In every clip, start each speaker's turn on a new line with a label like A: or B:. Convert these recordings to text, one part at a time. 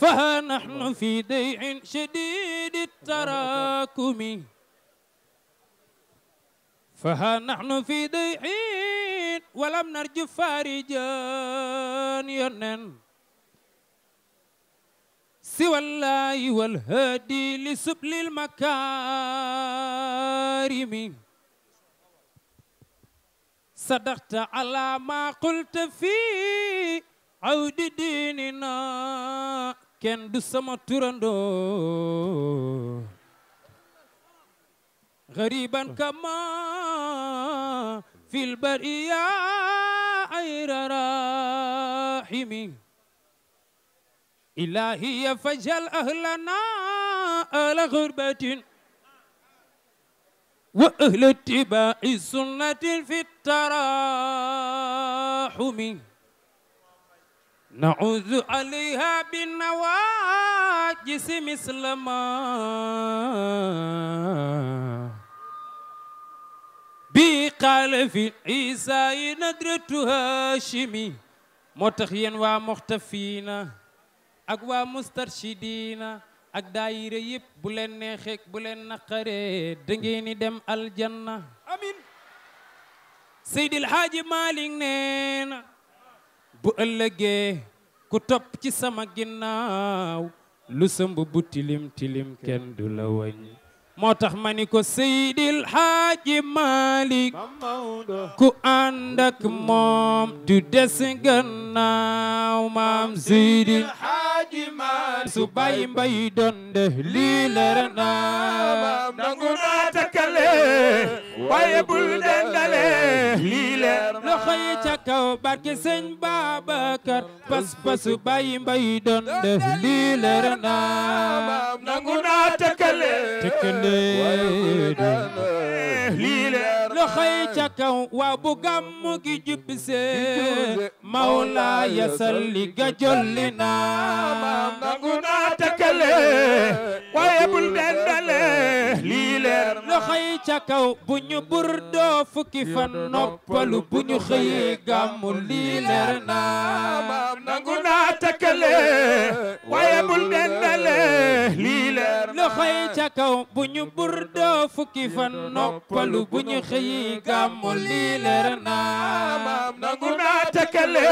A: فها نحن في ديع شديد التراكم فها نحن في ديع ولم نرج فارجان يرنن سوى الله والهادي لسبل المكارم صدقت على ما قلت في عود ديننا kenn du sama turandoo gariban kama fil bariya ayra rahimi ilahiya fajal ahlana ala ghurbatin wa ahla ittiba'i sunnatin fit tarahumi na عليها بالنواجس مثل bi qaala fi isa yi nadratu moo tax yéen waa moxtafiina ak waa mustarshidina ak daayira yëpp bu leen neexeek bu leen naqaree da ngeen ni dem aljanna amin seydil haaji maalik nee bu ëllëgee ku topp ci sama ginnaaw lu sëmb bu tilim tilim kenn du la wañ moo tax ma ni ko Seydil Haaji Malik ku ànd moom du des gannaaw maam Seydil Haaji Malik su bàyyi mbay doon lii leer naa nangu naa takkale waaye bul dendale lii leer loxo yi ca kaw barke sëñ Babacar pas pasu bàyyi mbay doon def lii leer na nangu naa tëkkale tëkkale lii xëy ca kaw waa bu gàmmu gi jubbisee mawlaa ya salli ga jolli naa maam nangu naa takkale waaye bul dendale lii leer na ca kaw bu ñu burdoo fukki fan noppalu bu ñu xëyee gàmmu lii naa tëkkale waaye bul dendale lii leer loxo yi ca kaw bu ñu burdoo fukki fan noppalu bu ñu xëyi gàmmu lii leer naa nangu naa tëkkale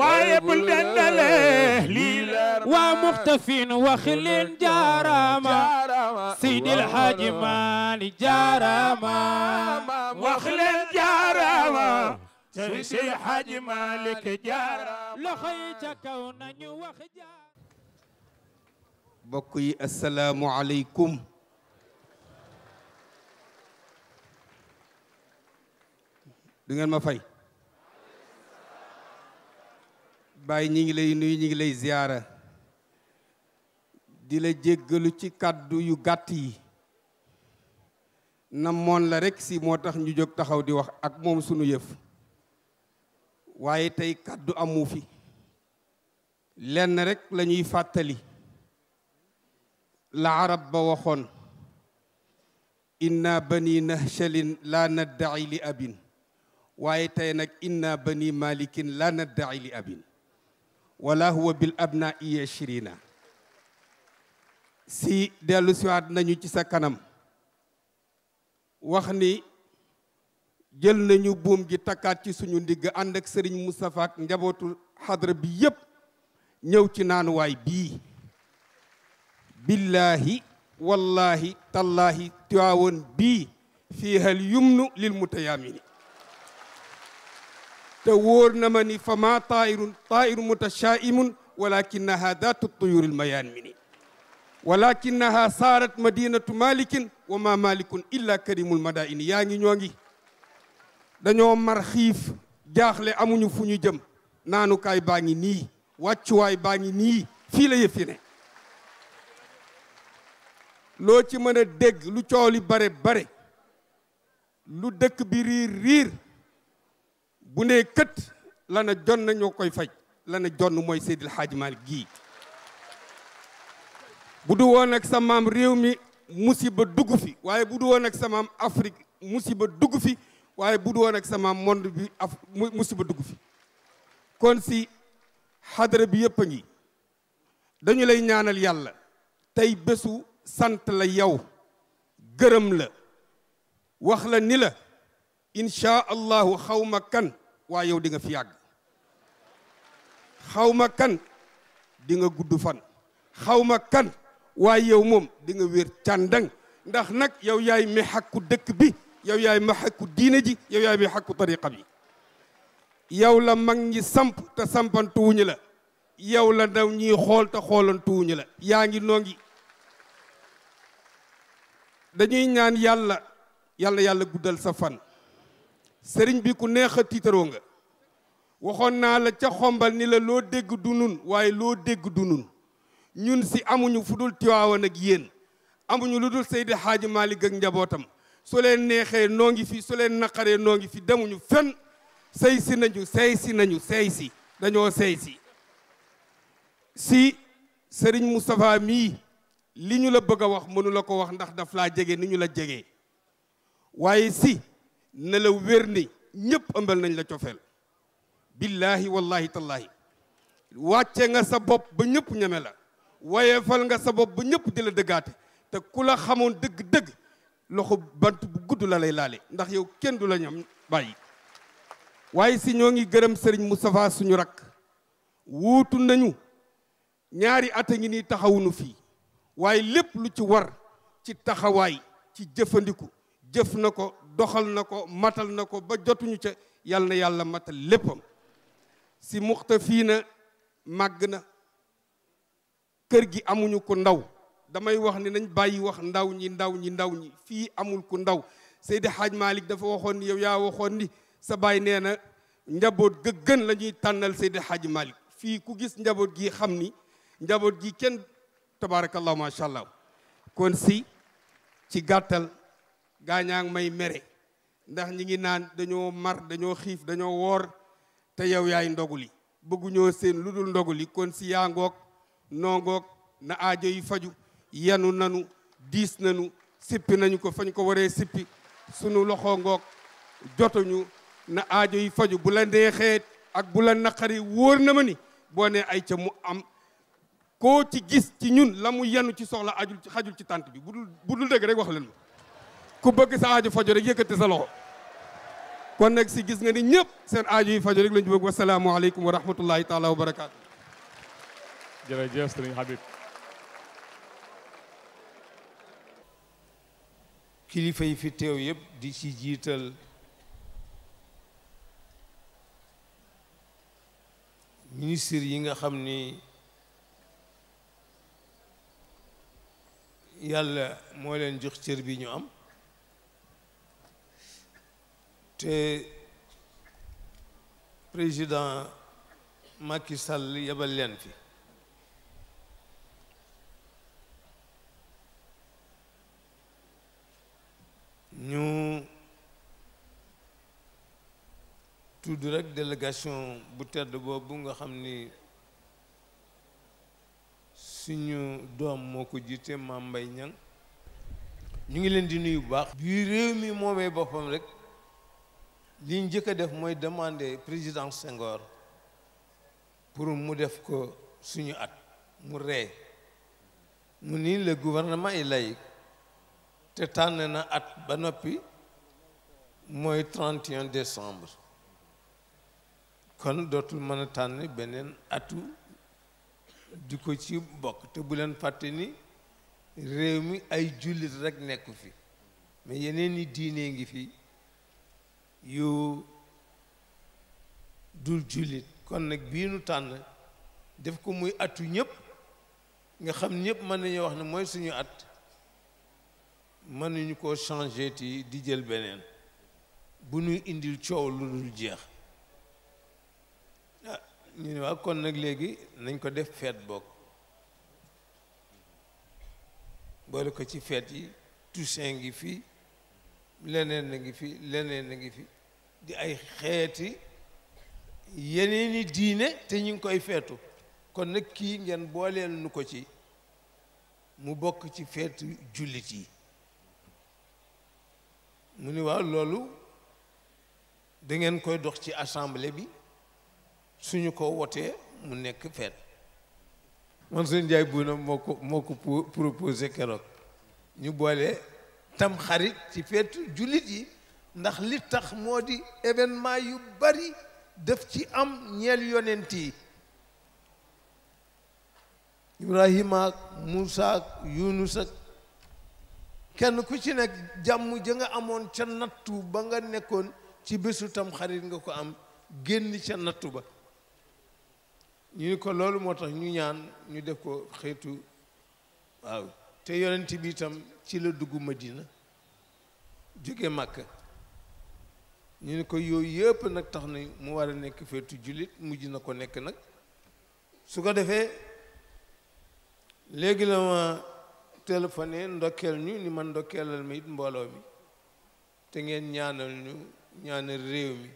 A: waaye bul dendale lii leer waa muxtafin wax leen jaaraama Seydil Haaji Maalik jaaraama wax leen jaaraama Sëriñ Si Xaaji Maalik jaar loxo yi ca kaw nañu wax jaar
B: mbokk yi asalaamu aleykum du ngeen ma fay baay ñi ngi lay nuyu ñi ngi lay ziyaara di la jéggalu ci kàddu yu gàtt yi namoon la rekk si moo tax ñu jóg taxaw di wax ak moom sunu yëf waaye tey kàddu amu fi lenn rekk lañuy fàttali la arab ba waxoon inna bani nahshalin la naddaci li abin waaye tey nag inna bani malikin la naddaci li abin wala huwa bil abna i yashrina si dellu siwaat nañu ci sa kanam wax ni jël nañu buum gi takkaat ci suñu ndigg ànd ak sëriñ njabootu xadra bi yépp ñëw ci naanuwaay bii billaahi wallaahi tallaahi tiwaawoon bii fiihal yumnu lil mutayaamini te wóor na ma ni fama taayirun taayirun mutashaa'imun walakinaha daatu tuyuril mayaamini walakinaha saarat madinatu malikin wa ma malikun illa karimul madaini yaa ngi ñoo ngi dañoo mar xiif jaaxle amuñu fu ñu jëm naanukaay baa ngi nii wàccuwaay baa ngi nii fii la yëf loo ci mën a dégg lu coow li bare bare lu dëkk bi riir riir bu nee kët lana jon ñoo koy faj lana jonn mooy Seydil Hadji Malick gii bu du woon ak sa maam réew mi musiba dugg fi waaye bu du woon ak sa maam Afrique musiba dugg fi waaye bu du woon ak sama monde bi af musiba dugg fi kon si xadara bi yëpp a ngi dañu lay ñaanal yàlla tey bésu sant la yow gërëm la wax la ni la inchaa allahu xawma kan waa yow di nga fi yàgg xawma kan dinga gudd fan xawma kan waa yow moom dinga nga wér càndang ndax nag yow yaay mexakku dëkk bi yow yaay ma xakku diine ji yow yaay ma xakku tariqa bi yow la mag ñi samp te sampantuwuñu la yow la ndaw ñiy xool te xoolantuwuñu la yaa ngi noo ngi dañuy ñaan yàlla yàlla yàlla guddal sa fan sëriñ bi ku neexa a tiitaroo nga waxoon naa la ca xombal ni la loo dégg du nun waaye loo dégg du nun ñun si amuñu fu dul Tiwaawan ak yéen amuñu lu dul Seydi xaaj Maalik ak njabootam su leen neexee noo ngi fi su leen naqaree noo ngi fi demuñu fenn sey si nañu sey si nañu sey si dañoo sey si si sëriñ Moustapha mii li ñu la bëgg a wax mënula ko wax ndax daf laa jege ni ñu la jege waaye si nelaw la wér ni ñëpp ëmbal nañ la cofeel billaahi wallahi tallaahi wàcce nga sa bopp ba ñëpp ñeme la waye fal nga sa bopp ba ñëpp di la dëggaate te ku la xamoon dëgg-dëgg loxo bant bu gudd la lay laale ndax yow kenn du lañu ñam bàyyi waaye si ñoo ngi gërëm sëriñ mu Moustapha suñu rak wuutu nañu ñaari at a ngi nii taxawunu fii waaye lépp lu ci war ci taxawaay ci jëfandiku jëf na ko doxal na ko matal na ko ba jotuñu ca yàlla na yàlla matal léppam si muxta fii na màgg na kër gi amuñu ko ndaw damay wax ni nañ bàyyi wax ndaw ñi ndaw ñi ndaw ñi fii amul ku ndaw Seydi Hadj Malick dafa waxoon ni yow yaa waxoon ni sa baay nee na njaboot ga gën lañuy ñuy tànnal Seydi Hadj malik fii ku gis njaboot gi xam ni njaboot gi kenn tabaarakallah macha allah kon si ci gàttal gaañaa ngi may mere ndax ñi ngi naan dañoo mar dañoo xiif dañoo woor te yow yaay ndoguli bëgguñoo seen lu dul ndoguli kon si yaa ngoog noo ngoog na aajo yi faju yanu nanu diis nanu sippi nañu ko fañ ko waree sippi sunu loxo ngoog jotuñu na aajo yi faju bu la neexee ak bu la naqari wóor na ma ni boo nee ay ca mu am ko ci gis ci ñun la mu ci soxla ajul ci xajul ci tànt bi bu dul bu dul wax leen ku bëgg sa aajo faju rek yëkkati sa loxo kon nag si gis nga ni ñëpp seen aajo yi faju rek lañu bëgg wasalaamualeykum wa rahmatullahi taala wa barakaatu jërëjëf
C: sëriñ Habib kilifa yi fi teew yëpp di ci jiital ministre yi nga xam ni yàlla moo leen jox cër bi ñu am te président makki Sall yebal leen fi ñu tudd rek délégation bu tedd boobu nga xam ni suñu doom moo ko jiite Mame Mbaye Niang ñu ngi leen di nuyu bu baax bi réew mi moomee boppam rek li njëkk a def mooy demander président Senghor pour mu def ko suñu at mu ree mu ni le gouvernement est lay te tànn na at ba noppi mooy 31 décembre kon dootul mën a tànn beneen atu di ko ci bokk te bu leen fàtte ni réew mi ay jullit rek nekku fi mais yeneen i diine ngi fi yu dul jullit kon nag bii nu tànn def ko muy atu ñëpp nga xam ñëpp mën nañu wax ne mooy suñu at nañu ko changé ti di jël beneen bu ñuy indil coow lu dul jeex ah ñu ne waa kon nag léegi nañ ko def feet bokk boole ko ci feet yi Toussaint ngi fi leneen na ngi fi leneen na ngi fi di ay xeeti yeneen yeneeni diine te ñu ngi koy feetu kon nag kii ngeen booleel nu ko ci mu bokk ci feetu jullit yi mu ni waaw loolu dangeen koy dox ci assemblée bi suñu ko wotee mu nekk feet Mansour Ndiaye Bouna moo ko moo ko proposé keroog ñu boole tam xarit ci feetu jullit yi ndax li tax moo di événement yu bari def ci am ñeel yonent yi Ibrahima ak Moussa kenn ku ci nekk jàmm ja nga amoon ca nattu ba nga nekkoon ci bésu tam xarit nga ko am génn ca nattu ba ñu ni ko loolu moo tax ñu ñaan ñu def ko xeetu waaw te yonent bi itam ci la dugg Madina jóge màkk ñu ni ko yooyu yëpp nag tax na mu war a nekk feetu jullit mujj na ko nekk nag su ko defee léegi la ma téléphoné ndokkeel ñu ni man ndokkeelal ma it mbooloo mi te ngeen ñaanal ñu ñaanal réew mi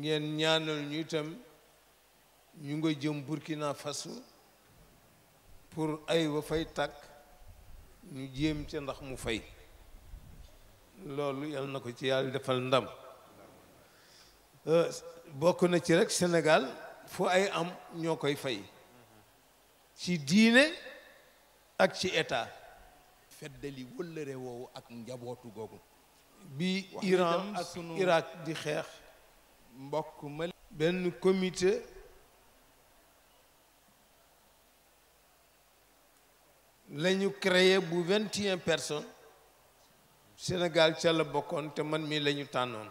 C: ngeen ñaanal ñu itam ñu nga jëm Burkina Faso pour ay wa fay tàkk ñu jéem ca ndax mu fay loolu yal na ko ci yàlla defal ndam euh, bokk na ci rek Sénégal fu ay am ñoo koy fay ci diine ak ci état feddali wëllëre woowu ak njabootu googu bi Iran ak Irak di xeex mbokk ma benn comité lañu créé bu vingt et un personnes Sénégal ca la bokkoon te man mii lañu tànnoon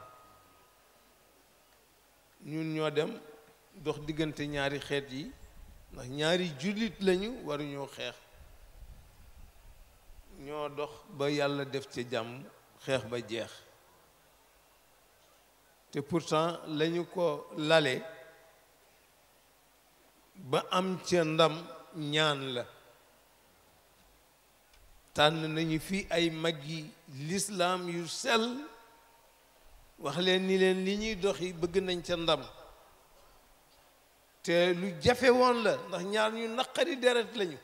C: ñun ñoo dem dox diggante ñaari xeet yi ndax ñaari jullit lañu waruñoo xeex ñoo dox ba yàlla def ci jàmm xeex ba jeex te pourtant lañu ko lale ba am ca ndam ñaan la tànn nañu fii ay mag yi lislaam yu sel waxleen leen ni leen li ñuy doxi bëgg nañ ca ndam te lu jafe woon la ndax ñaar ñu naqari deret lañu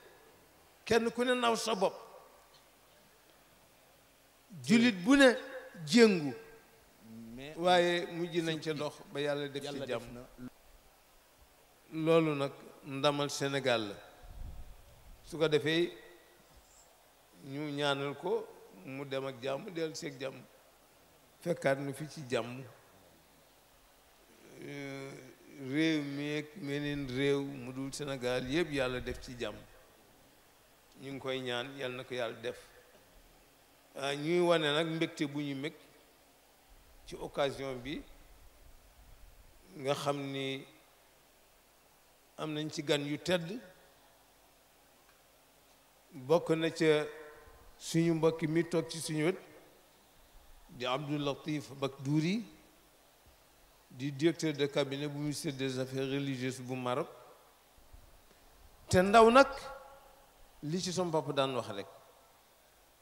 C: kenn ku ne naw sa bopp jullit bu ne jéngu waaye mujj nañ ca ndox ba yàlla def ci jàmm loolu nag ndamal Sénégal la su ko defee ñu ñaanal ko mu dem ak jàmm dellu seeg jàmm fekkaat nu fi ci jàmm euh, réew meeg meneen réew mu dul Sénégal yëpp yàlla def ci jàmm ñu ngi koy ñaan yàlla na ko yàlla def Euh, ñuy wane nag mbégte bu ñu meg ci occasion bi nga xam ni am nañ ci gan yu tedd bokk na ca suñu mbokk mi toog ci suñu wet di Abdou Latif Bakdouri di directeur de cabinet bu ministère des affaires religieuses bu Maroc te ndaw nag li ci sama daan wax rek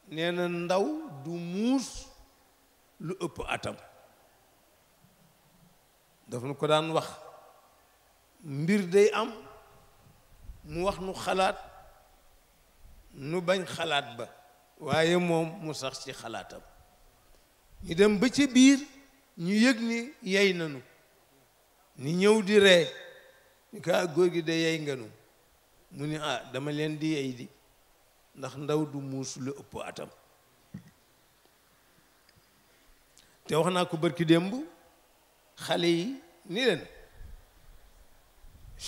C: nee na ndaw du muus lu ëpp atam daf nu ko daan wax mbir day am mu wax nu xalaat nu bañ xalaat ba waaye moom mu sax ci xalaatam ñu dem ba ca biir ñu yëg ni yey nanu ni ñëw di ree ñu ko ah, góor gi de yey nganu mu ni ah dama leen di yey di ndax ndaw du muus lu ëpp atam te wax naa ko bërki démb xale yi ni leen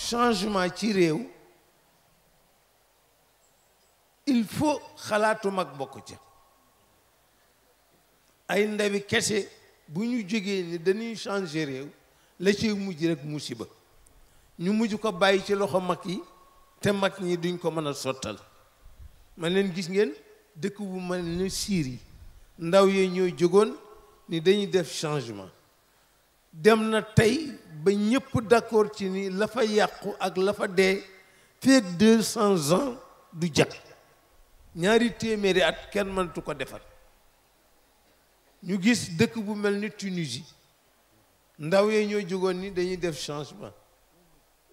C: changement ci réew il faut xalaatu mag bokk ca ay ndawi kese bu ñu jógee ni dañuy changer réew la ci mujj rek musiba ñu mujj ko bàyyi ci loxo mag yi te mag ñi duñ ko mën a sottal man leen gis ngeen dëkk bu mel ni Syrie ndaw yee ñoo jógoon ni dañuy def changement dem na tey ba ñëpp d'accord ci ni la fa yàqu ak la fa dee feek deux cent ans du jag ñaari téeméeri at kenn mënatu ko defar ñu gis dëkk bu mel ni Tunisie ndaw yee ñoo jógoon ni dañuy def changement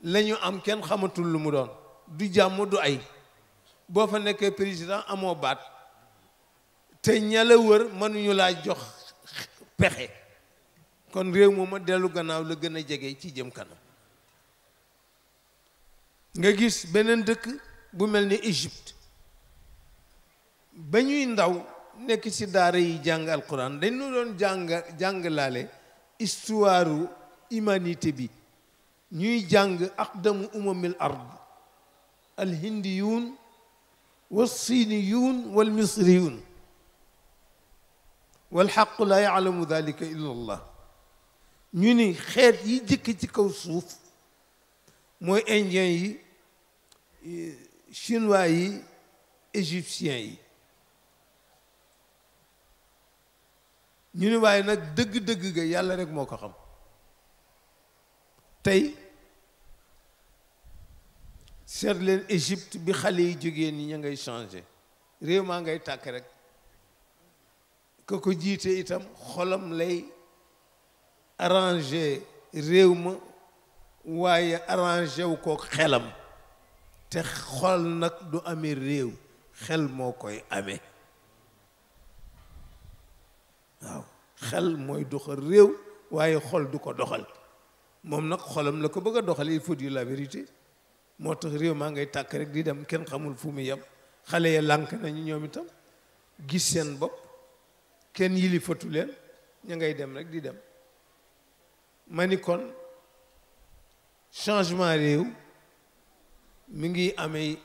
C: la am kenn xamatul lu mu doon du jàmm du ay boo fa nekkee président amoo baat te ña la wër mënuñu laa jox pexe kon réew mooma dellu gannaaw la gën a jege ci jëm kanam nga gis beneen dëkk bu mel ni Égypte ba ñuy ndaw nekk ci daara yi jàng alquran dañ nu doon jàng jàng laale histoire humanité bi ñuy jàng aqdamu umamil ard alhindiyun والصينيون والمصريون والحق لا يعلم ذلك إلا الله ñu ni xeet yi jëkk ci kaw suuf mooy indien yi chinois yi égyptien yi ñu ni waaye nag dëgg-dëgg ga yàlla rek moo ko xam tey seet leen Égypte bi xale yi jógee ni ña ngay changé réew maa ngay tàkk rek ka ko jiite itam xolam lay arrangé réew ma waaye arrangé wu ko xelam te xol nag du ame réew xel moo koy ame waaw xel mooy doxal réew waaye xol du ko doxal moom nag xolam la ko bëgg a doxal il faut dire la vérité moo tax réew maa ngay tàkk rek di dem kenn xamul fu mu xale ya lànk nañu ñoom itam gis seen bopp kenn yilifatu leen ña ngay dem rek di dem ma ni kon changement réew mi ngi amee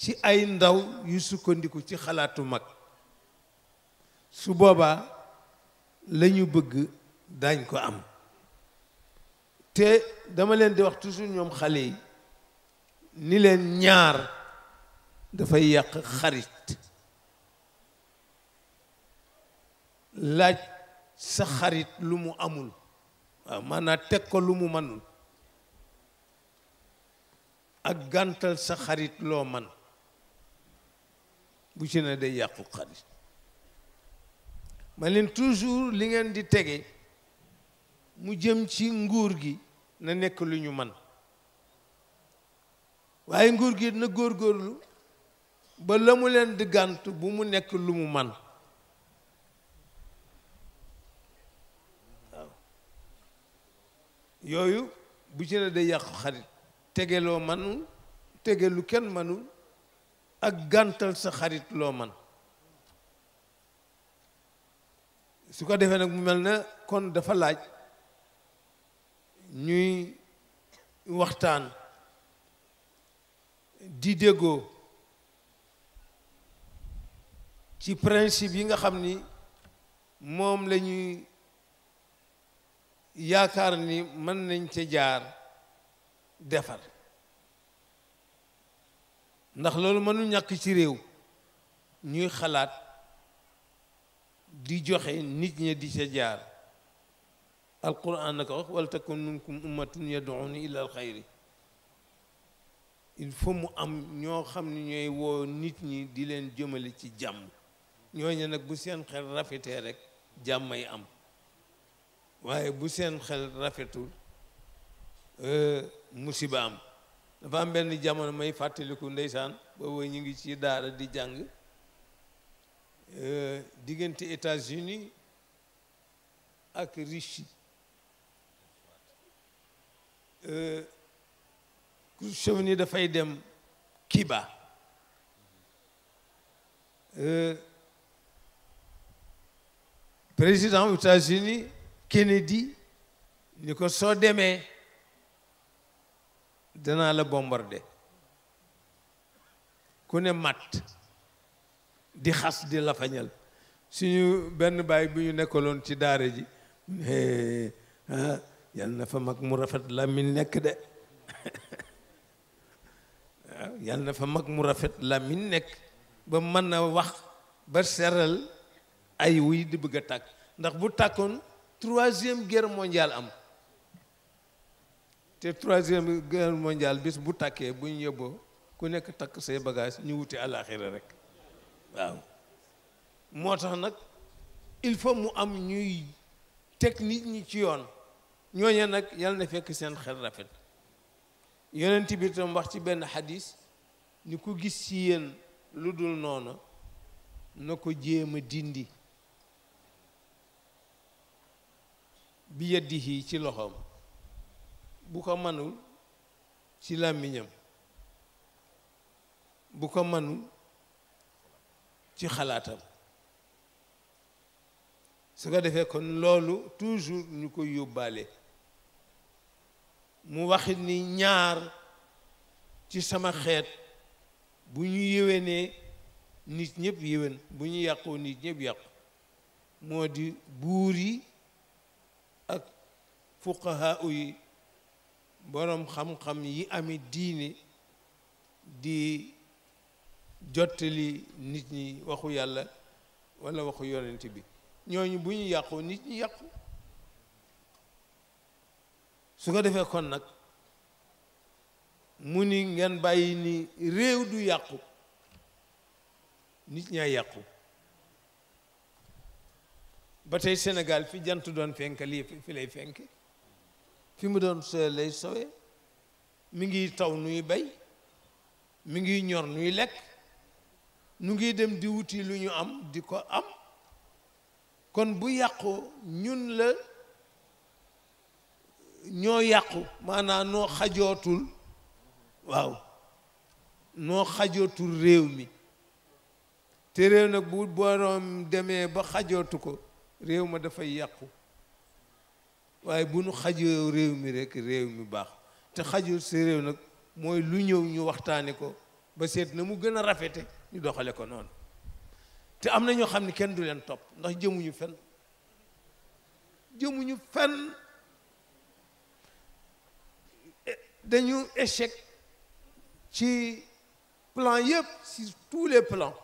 C: ci ay ndaw yu sukkandiku ci xalaatu mag su boobaa lañu bëgg daañ ko am te dama leen di wax toujours ñoom xale yi ni leen ñaar dafay yàq xarit laaj sa xarit lu mu amul waaw maanaam teg ko lu mu manul ak gàntal sa xarit loo man bu ci ne day yàqu xarit ma leen toujours li ngeen di tege mu jëm ci nguur gi na nekk lu ñu man waaye nguur gi na góorgóorlu ba la mu leen di gànt bu mu nekk lu mu man waaw yooyu bu ci ne day yàqu xarit tege loo manul tege lu kenn manul ak gàntal sa xarit loo man su ko defee nag mu mel na kon dafa laaj ñuy waxtaan di déggoo ci principe yi nga xam ni moom lañuy yaakaar ni mën nañ ca jaar defar ndax loolu mënu ñàkk ci réew ñuy xalaat di joxe nit ñi di ca jaar alquran naka wax wala takun minkum ummatun yad'una ila alxayri il faut mu am ñoo xam ne ñooy woo nit ñi di leen jëmale ci jàmm ñooñu nag bu seen xel rafetee rek jàmmay am waaye bu seen xel rafetul euh, musiba am dafa am benn jamono may fàttaliku ndeysaan booba ñu ngi ci daara di jàng euh, diggante États-Unis ak Russie Euh, chef ni dafay dem Kiba euh, président États-Unis Kennedy ni ko soo demee danaa la bombarde ku ne matt di xas di lafañal suñu benn baay bu ñu nekkaloon ci daara ji yal na fa mag mu rafet làmmiñ nekk de waaw yal na fa mag mu rafet làmmiñ nekk ba mën a wax ba seral ay wuy di bëgg a tàkk ndax bu tàkkoon troisième guerre mondiale am te troisième guerre mondiale bis bu tàkkee bu ñu yóbboo ku nekk takk say bagage ñu wuti àllaaxira rek waaw moo tax nag il faut mu am ñuy teg nit ñi ci yoon ñooñee nag yàlla na fekk seen xel rafet yonent bi tam wax ci benn xadis ñu ko gis ci yéen lu dul noonu na ko jéem a dindi bi yeddihi ci loxoom bu ko manul ci làmmiñam bu ko manul ci xalaatam su ko defee kon loolu toujours ñu ko yóbbaale mu waxit ni ñaar ci sama xeet bu ñu yéwénee nit ñëpp yéwén bu ñu yàqoo nit ñëpp yàqu moo di buur yi ak fuqahaa yi boroom xam-xam yi ami diine di jottali nit ñi waxu yàlla walla waxu yonent bi ñooñu bu ñu yàqoo nit ñi yàqu su ko defee kon nag mu ni ngeen bàyyi nii réew du yàqu nit ñaa yàqu ba tey senegal fi jant doon fenk lii fi lay fenk fi mu doon sowe lay sowe mi ngi taw nuy bay mi ngi ñor nuy lekk nu ngi dem di wuti lu ñu am di ko am kon bu yàqu ñun la ñoo yàqu maanaa noo xajootul waaw noo xajootul réew mi te réew nag bu boroom demee ba xajootu ko réew ma dafay yàqu waaye bu nu xajoo réew mi rekk réew mi baax te xajoo si réew nag mooy lu ñëw ñu waxtaane ko ba seet na mu gën a rafete ñu doxale ko noonu te am na ñoo xam ne kenn du leen topp ndax jëmuñu fenn jëmuñu fenn dañu échec ci plan yëpp si tous les plans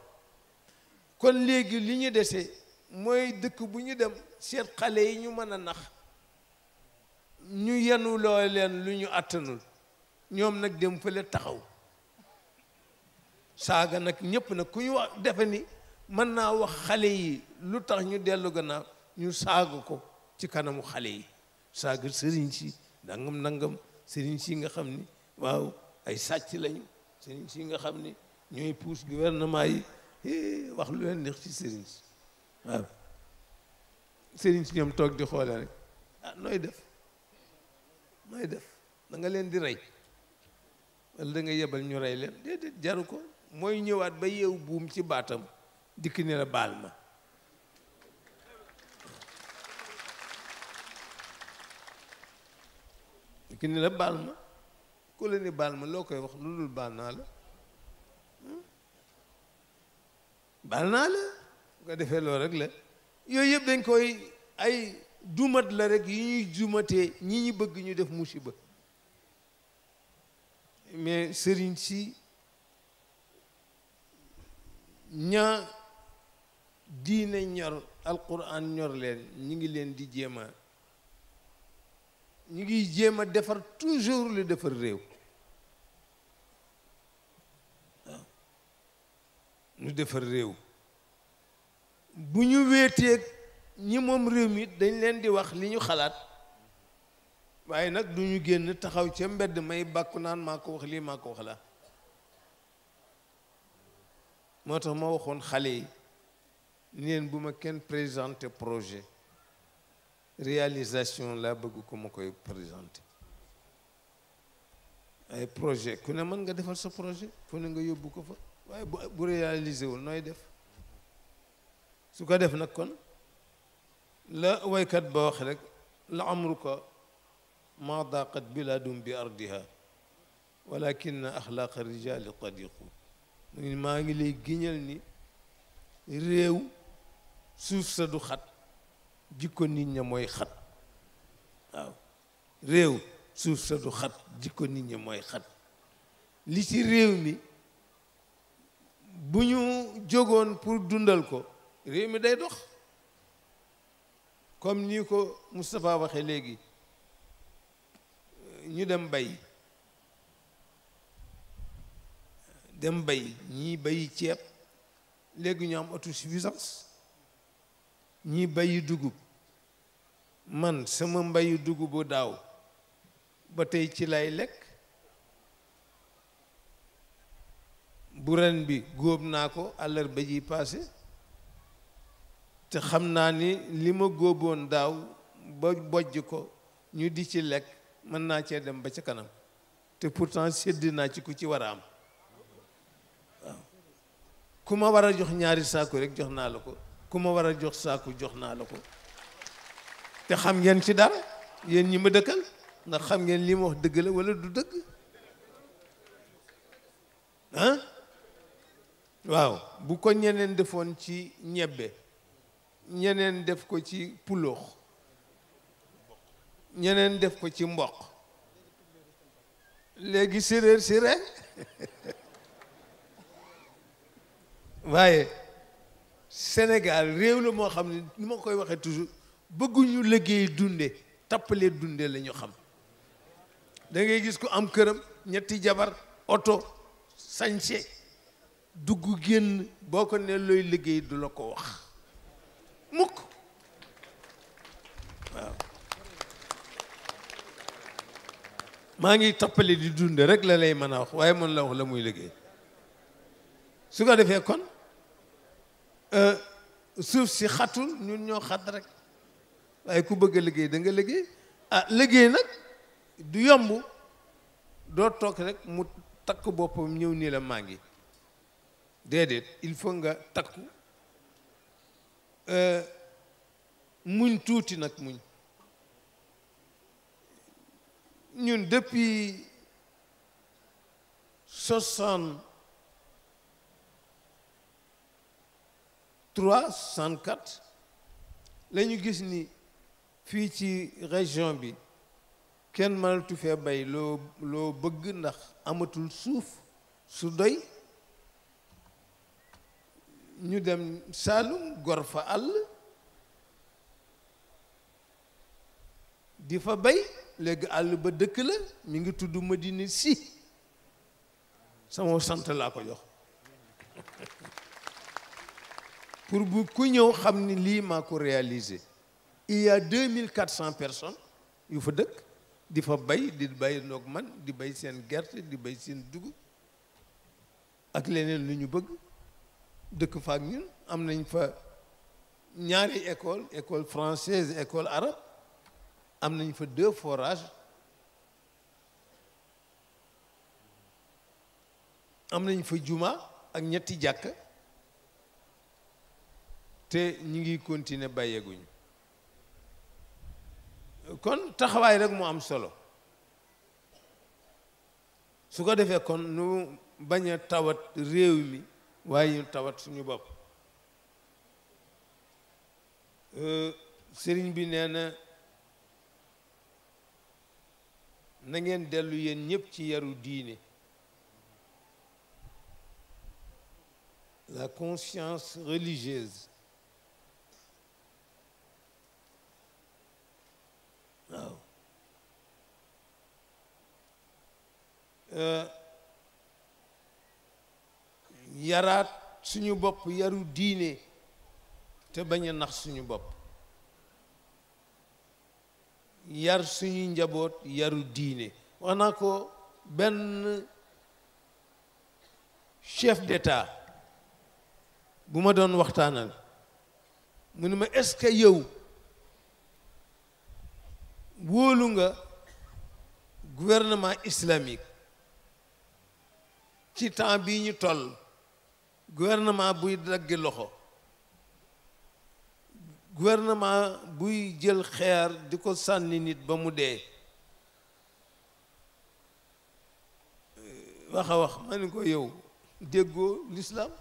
C: kon léegi li ñu desee mooy dëkk bu ñu dem seet xale yi ñu mën a nax ñu yenu loo leen lu ñu àttanul ñoom nag dem fële taxaw saaga nag ñëpp nag ku ñu wax defe ni mën naa wax xale yi lu tax ñu dellu gannaaw ñu saaga ko ci kanamu xale yi saaga sëriñ si nangam nangam sëriñ si nga xam ni waaw ay sàcc lañu sëriñ si nga xam ni ñooy puus gouvernement yi eh, wax lu leen neex ci sëriñ si waaw sëriñ si ñoom toog di xoole rek ah nooy def nooy def da nga leen di rey wala da nga yebal ñu rey leen déedéet jaru ko mooy ñëwaat ba yeew buum ci baatam dikk ni la baal ma ki ni la baal ma ku la ni baal ma loo koy wax lu dul baal naa la hmm? baal naa la nga defee loolu rek la yooyu yëpp dañ koy ay dumat la rek yi ñuy dumatee ñi ñu bëgg ñu def musiba mais sëriñ si ñaa diine ñor alquran ñor leen ñu ngi leen di jéemaa ñu ngi jéem a defar toujours li defar réew waaw ñu defar réew bu ñu wéetee ñi moom réew mi dañ leen di wax li ñu xalaat waaye nag du ñu génn taxaw ca mbedd may bàkku naan maa ko wax lii maa ko wax la moo tax ma waxoon xale yi ni leen bu ma kenn présenté projet réalisation la bëgg ko ma koy présenter ay projet ku ne mën nga defal sa projet fu ne nga yóbbu ko fa waaye bu réaliser wul nooy def su ko def nag kon la waykat ba wax rek la amruka ma daqat bilaadum bi ardiha walakin axlaqa rijali tadiqu maa ngi lay giñal ni réew suuf sa du xat jikko nit ña mooy xat waaw réew suuf sa du xat jikko nit ña mooy xat li ci réew mi bu ñu jógoon pour dundal ko réew mi day dox comme ni ko Moustapha waxee léegi euh, ñu dem bay dem bay ñii bay ceeb léegi ñu am autosuffisance ñii bayi dugub man sama mbayu dugubu daaw ba tey ci lay lekk bu ren bi góob naa ko àllarba ji paase te xam naa ni li ma góoboon daaw ba bojj ko ñu di ci lekk mën naa cee dem ba ca kanam te pourtant sedd naa ci ku ci war a am ku ma war a jox ñaari saaku rek jox naa la ko ku ma war a jox saaku jox naa la ko te xam ngeen ci dara yéen ñi ma dëkkal ndax xam ngeen lii ma wax dëgg la walla du dëgg ah waaw bu ko ñeneen defoon ci ñebbe ñeneen def ko ci puloox ñeneen def ko ci mboq léegi séréer si rek waaye Sénégal réew la moo xam ne ni ma koy waxee toujours bëgguñu liggéey dunde tappale dunde lañu xam dangay gis ku am këram ñetti jabar oto sañse dugg génn boo ko ne looy liggéey du la ko wax mukk waaw maa ngi tappale di dunde rek la lay mën a wax waaye mën la wax la muy liggéey su ko defee kon euh, suuf si xatul ñun ñoo xat rek waaye ku bëgg a liggéey da nga ah, liggéey nag du yomb doo toog rek mu takk boppam ñëw nii la maa ngi déedéet il faut nga takku euh, muñ tuuti nag muñ ñun depuis soixante trois soixante gis nii fii ci région bi kenn mënatu fee bay loo loo bëgg ndax amatul suuf su doy ñu dem Saalum gor fa àll di fa bay léegi àll ba dëkk la mi ngi tudd ma Madina si sama sant laa ko jox pour bu ku ñëw xam ni lii maa ko réaliser il y a 2400 personnes yu fa dëkk di fa bay di bay ndoog man di bay seen gerte di bay seen dugub ak leneen lu ñu bëgg dëkk fa ak ñun am nañ fa ñaari école école française école arabe am nañ fa deux forage am nañ fa juma ak ñetti jàkk te ñu ngi continuer bàyyeeguñu kon taxawaay rek mu am solo su ko defee kon nu bañ a tawat réew mi waaye ñu tawat suñu bopp euh, sëriñ bi nee na na ngeen dellu yéen ñépp ci yaru diine la conscience religieuse Euh, yaraat suñu bopp yaru diine te bañ a nax suñu bopp yar suñuy njaboot yaru diine wax naa ko benn chef d'état bu ma doon waxtaanal mu ne ma est yow wóolu nga gouvernement islamique ci temps bii ñu toll gouvernement buy daggi loxo gouvernement buy jël xeer di ko sànni nit ba mu dee wax a ma ni ko yow déggoo lislaam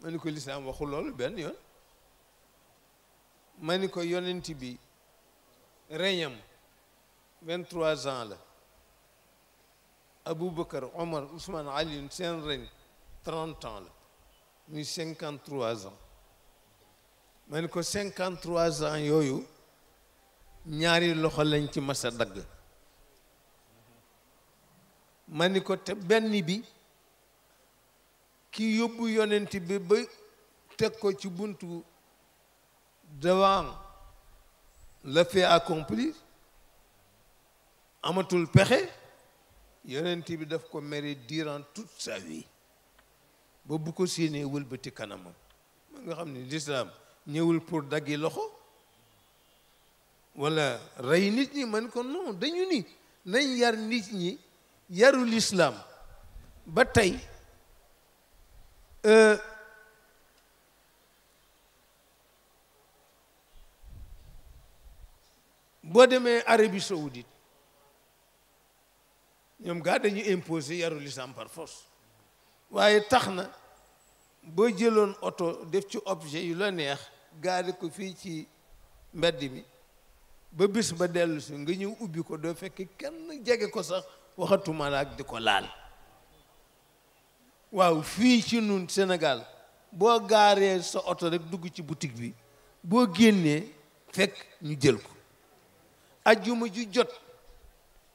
C: ma ni ko lislaam waxu loolu benn yoon ma ni ko yonent bi reñam vingt-trois ans la Aboubacar Omar Ousmane Alioune seen règne trente la muy cinquante trois ans ma ne ko cinquante trois ans yooyu ñaari loxo lañ ci mas dagg ma ni ko te benn bi ki yóbbu yonent bi ba teg ko ci buntu devant le fait accompli amatul pexe yonent bi daf ko mere durant toute sa vie ba bu ko séenee wëlbati kanamam ma nga xam ne lislaam ñëwul pour daggi loxo wala rey nit ñi man ko non dañu ni nañ yar nit ñi yaru lislaam ba tey euh, boo demee Arabie Saoudite ñoom gaa dañu imposé yarul islam par force waaye tax na boo jëloon oto def ci objet yu la neex gaari ko fii ci mbedd mi ba bis ba dellusi nga ñëw ubbi ko doo fekk kenn jege ko sax waxatuma la ak di ko laal waaw fii ci nun Sénégal boo gaaree sa oto rek dugg ci boutique bi boo génnee fekk ñu jël ko ajjuma ju jot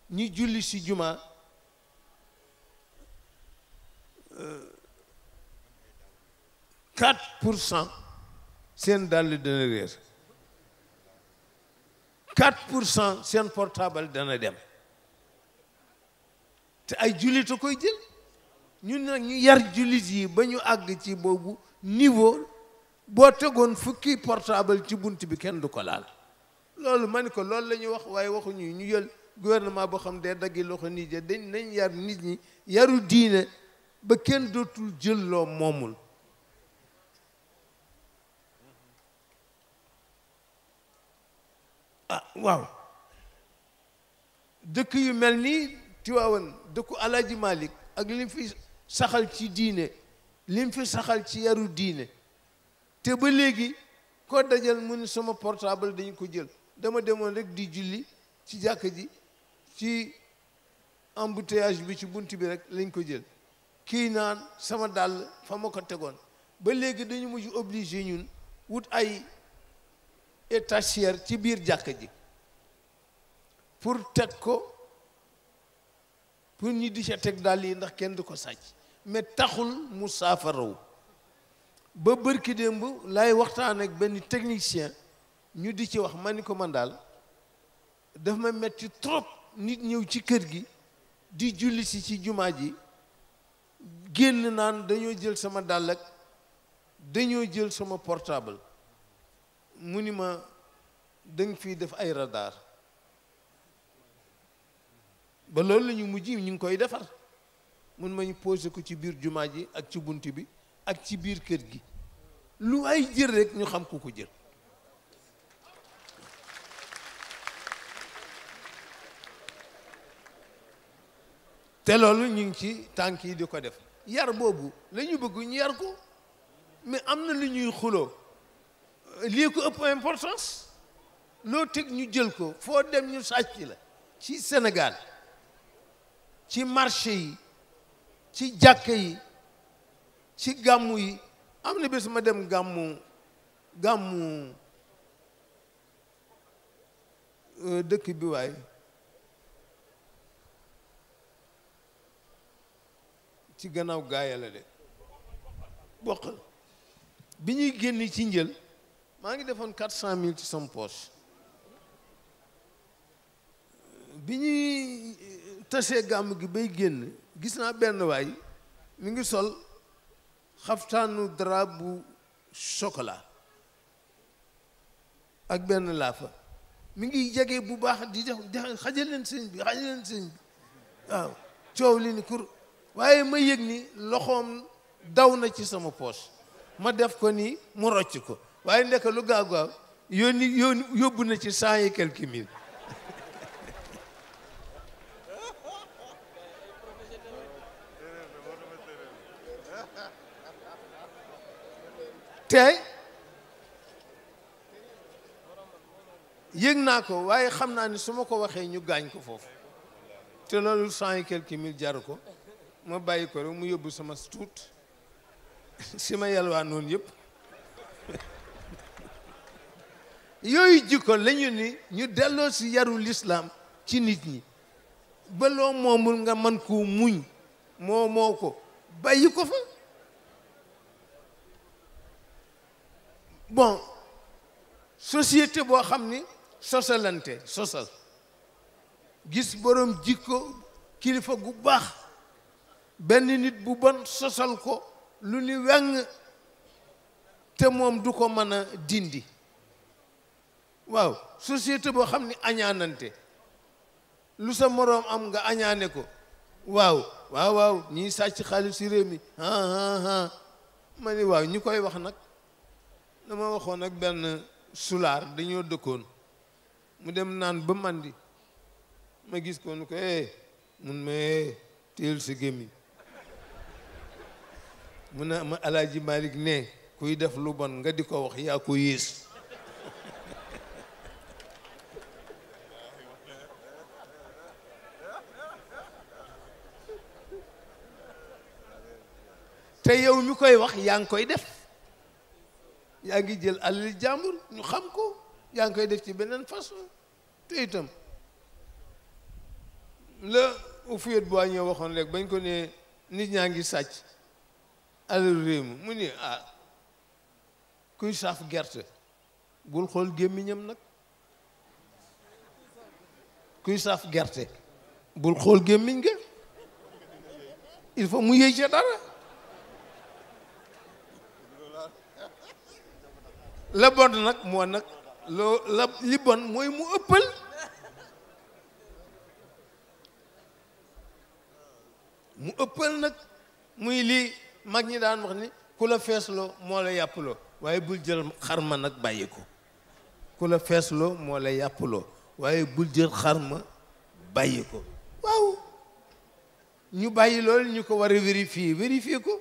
C: ñu julli si juma 4 pour cent seen dàll dana réer 4 pour cent seen portable dana dem te ay jullit a koy jël ñun nag ñu yar jullit yi ba ñu àgg ci boobu niveau boo tegoon fukki portable ci bunt bi kenn du ko laal loolu ma ni ko loolu la ñuy wax waaye waxuñu ñu jël gouvernement boo xam dee daggi loxo nit ja dañ nañ yar nit ñi yaru diine ba kenn dootul jël loo moomul ah waaw dëkk yu mel nii Tiwaawan dëkku Alaaji Malik ak lim fi saxal ci diine li fi saxal ci yaru diine te ba léegi koo dajal mu ne sama portable dañu ko jël dama demoon rek di julli ci jàkka ji ci embouteillage bi ci bunt bi rek lañ ko jël kii naan sama dàll fa ma ko tegoon ba léegi dañu mujj obligé ñun wut ay étagère ci biir jàkka ji pour teg ko pour ñu di ca teg dàll yi ndax kenn du ko sàcc mais taxul mu saafaraw ba bërki démb lay waxtaan ak benn technicien ñu di ci wax ma ni ko man daal daf ma metti trop nit ñëw ci kër gi di julli si ci jumaa ji génn naan dañoo jël sama dàll ak dañoo jël sama portable mu ni ma danga fii def ay radar ba loolu lañu mujj yi ñu ngi koy defar mun ma ñu posé ko ci biir jumaa ji ak ci bunt bi ak ci biir kër gi lu ay jël rek ñu xam ku ko jël te loolu ñu ngi ci tànk yi di ko def yar boobu la ñu bëgg ñu yar ko mais am na lu ñuy xuloo lii ko ëpp importance loo teg ñu jël ko foo dem ñu sàcc la ci Sénégal ci marché yi ci jàkka yi ci gàmmu yi am na bés ma dem gàmmu gàmmu euh, dëkk bi waay ci gannaaw gaaya la de bokkal bi ñuy génn ci njël maa ngi defoon quatre cent mille ci sama bi ñuy euh, tasee gàmm gi bay génn gis naa benn waay mi ngi sol xaftaanu drap bu chocolat ak benn laafa mu ngi jege bu baax di jox xajaleen sëñ bi xajaleen sëñ bi waaw coow li ni kur waaye ma yëg ni loxoom daw na ci sama poos ma def ko ni mu rocc ko waaye nekk lu gaaw gaaw yónni yónni yóbbu na ci cent et quelques mille te yëg naa ko waaye xam naa ni su ma ko waxee ñu gaañ ko foofu te loolu cent et quelques mille jaru ko ma bàyyi ko rek mu yóbbu sama tuut si ma yalwaa noonu yëpp yooyu jikko lañu ni ñu delloo si yaru lislaam ci nit ñi ba loo moomul nga man koo muñ moo moo ko bàyyi ko fa bon société boo xam ni sosalante sosal gis boroom jikko kilifa gu baax benn nit bu bon sosal ko lu ni weng te moom du ko mën a dindi waaw société boo xam ni añaanante lu sa moroom am nga añaane ko waaw waaw waaw ñii sàcc xaalis si réew mi ah ma waaw ñu koy wax nag dama waxoon ak benn sulaar dañoo dëkkoon mu dem naan ba man di ma gis ko nu ko eh mun ma eh, teel sa gémmiñ mun a ma alaaji Malick ne kuy def lu bon nga di ko wax yaa ko yées te yow ñu koy wax yaa ngi koy def yaa ngi jël alal jàmbur ñu xam ko yaa ngi koy def ci beneen façon te itam la fuyet bu ñoo waxoon rek bañ ko ne nit ñaa ngi sàcc alal réew mi mu ni ah kuy saaf gerte bul xool gémmiñam nag kuy saaf gerte bul xool gémmiñ ga il faut mu yëy ca dara la bon nag moo nag loo li bon mooy mu ëppal mu ëppal nag muy lii mag ñi daan wax ni ku la feesloo moola la yàppaloo waaye bul jël xar nag bàyyi ko kula la feesloo moo la yàppaloo waaye bul jël xar ma bàyyi ko waaw ñu bàyyi lool ñu ko war a vérifier ko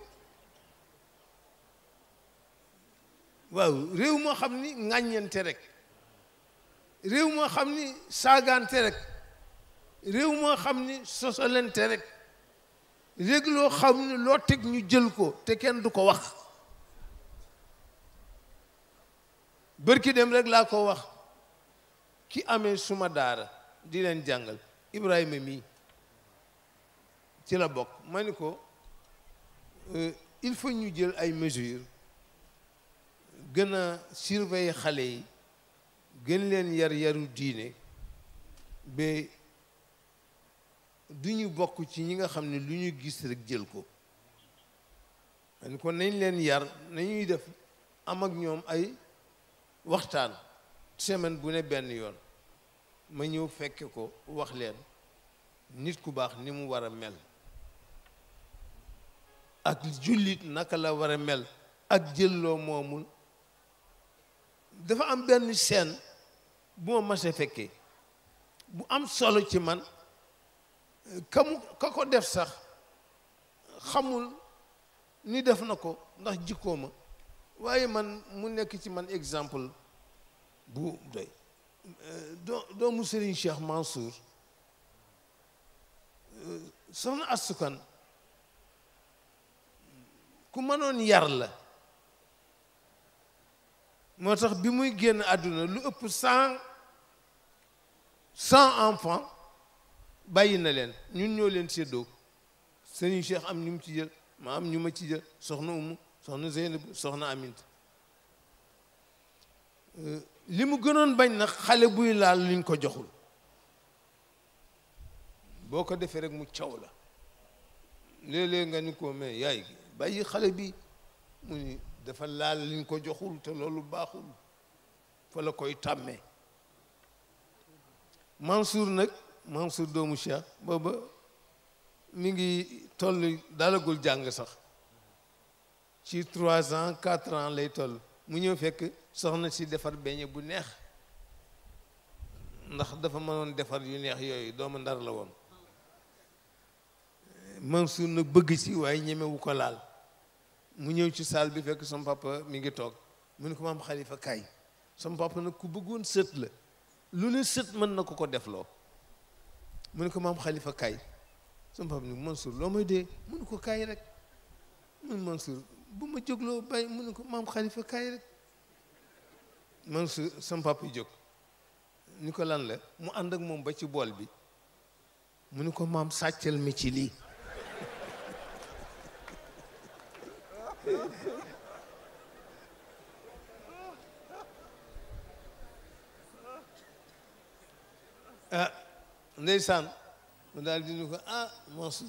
C: waaw réew moo xam ni ŋàññante rek réew moo xam ni saagaante rek réew moo xam ni sosolente rek léegi loo xam loo teg ñu jël ko te kenn du ko wax bërki dem rek laa ko wax ki amee suma daara di leen jàngal Ibrahima mii ci la bokk ma ni ko euh, il faut ñu jël ay mesures gën a surveiller xale yi gën leen yar yaru diine ba du ñu bokk ci ñi nga xam ne lu ñu gis rek jël ko man kon nañ leen yar nañuy def am ak ñoom ay waxtaan semaine bu ne benn yoon ma ñëw fekke ko wax leen nit ku baax ni mu war a mel ak jullit naka la war a mel ak jëlloo moomul dafa am benn seen bu ma mas a fekkee bu am solo ci man ka mu ka ko def sax xamul ni def na ko ndax jikkoo ma waaye man mu nekk ci man exemple bu doy euh, doo doomu Serigne Cheikh Mansour euh, soxna Asukan ku mënoon yar la moo tax bi muy génn àdduna lu ëpp cent cent enfants bàyyi na leen ñun ñoo leen séddoo sëñ Cheikh am ñu mu ci jël ma am ñu ma ci jël soxna umu soxna Zeynab soxna Amint li mu gënoon bañ nag xale buy laal luñ ko joxul boo ko defee rek mu caw la léeg-léeg nga ni koo mais yaay bàyyi xale bi mu ni dafa laal liñ ko joxul te loolu baaxul fa la koy tàmmee Mansour nag Mansour doomu Cheikh booba mi ngi toll dalagul jàng sax ci trois ans quatre ans lay toll mu ñëw fekk soxna si defar beñe bu neex ndax dafa mënoon defar yu neex yooyu doomu ndar la woon Mansour na bëgg si waaye ñemewu ko laal mu ñëw ci saal bi fekk sama papa mi ngi toog mu ne ko maam xalifa kaay sama nag ku bëggoon sët la lu ne sët mën na ko ko defloo mu ne ko maam xalifa kaay sama papa ni Mansour loo dee mu ne ko kaay rek mun Mansour bu ma jógloo bàyyi mu ne ko maam xalifa kaay rek Mansour sama papa jóg ni ko lan la mu ànd ak moom ba ci bool bi mu ne ko maam sàccal mi ci lii ah. ndeysaan mu daal di ñu ko ah Mansour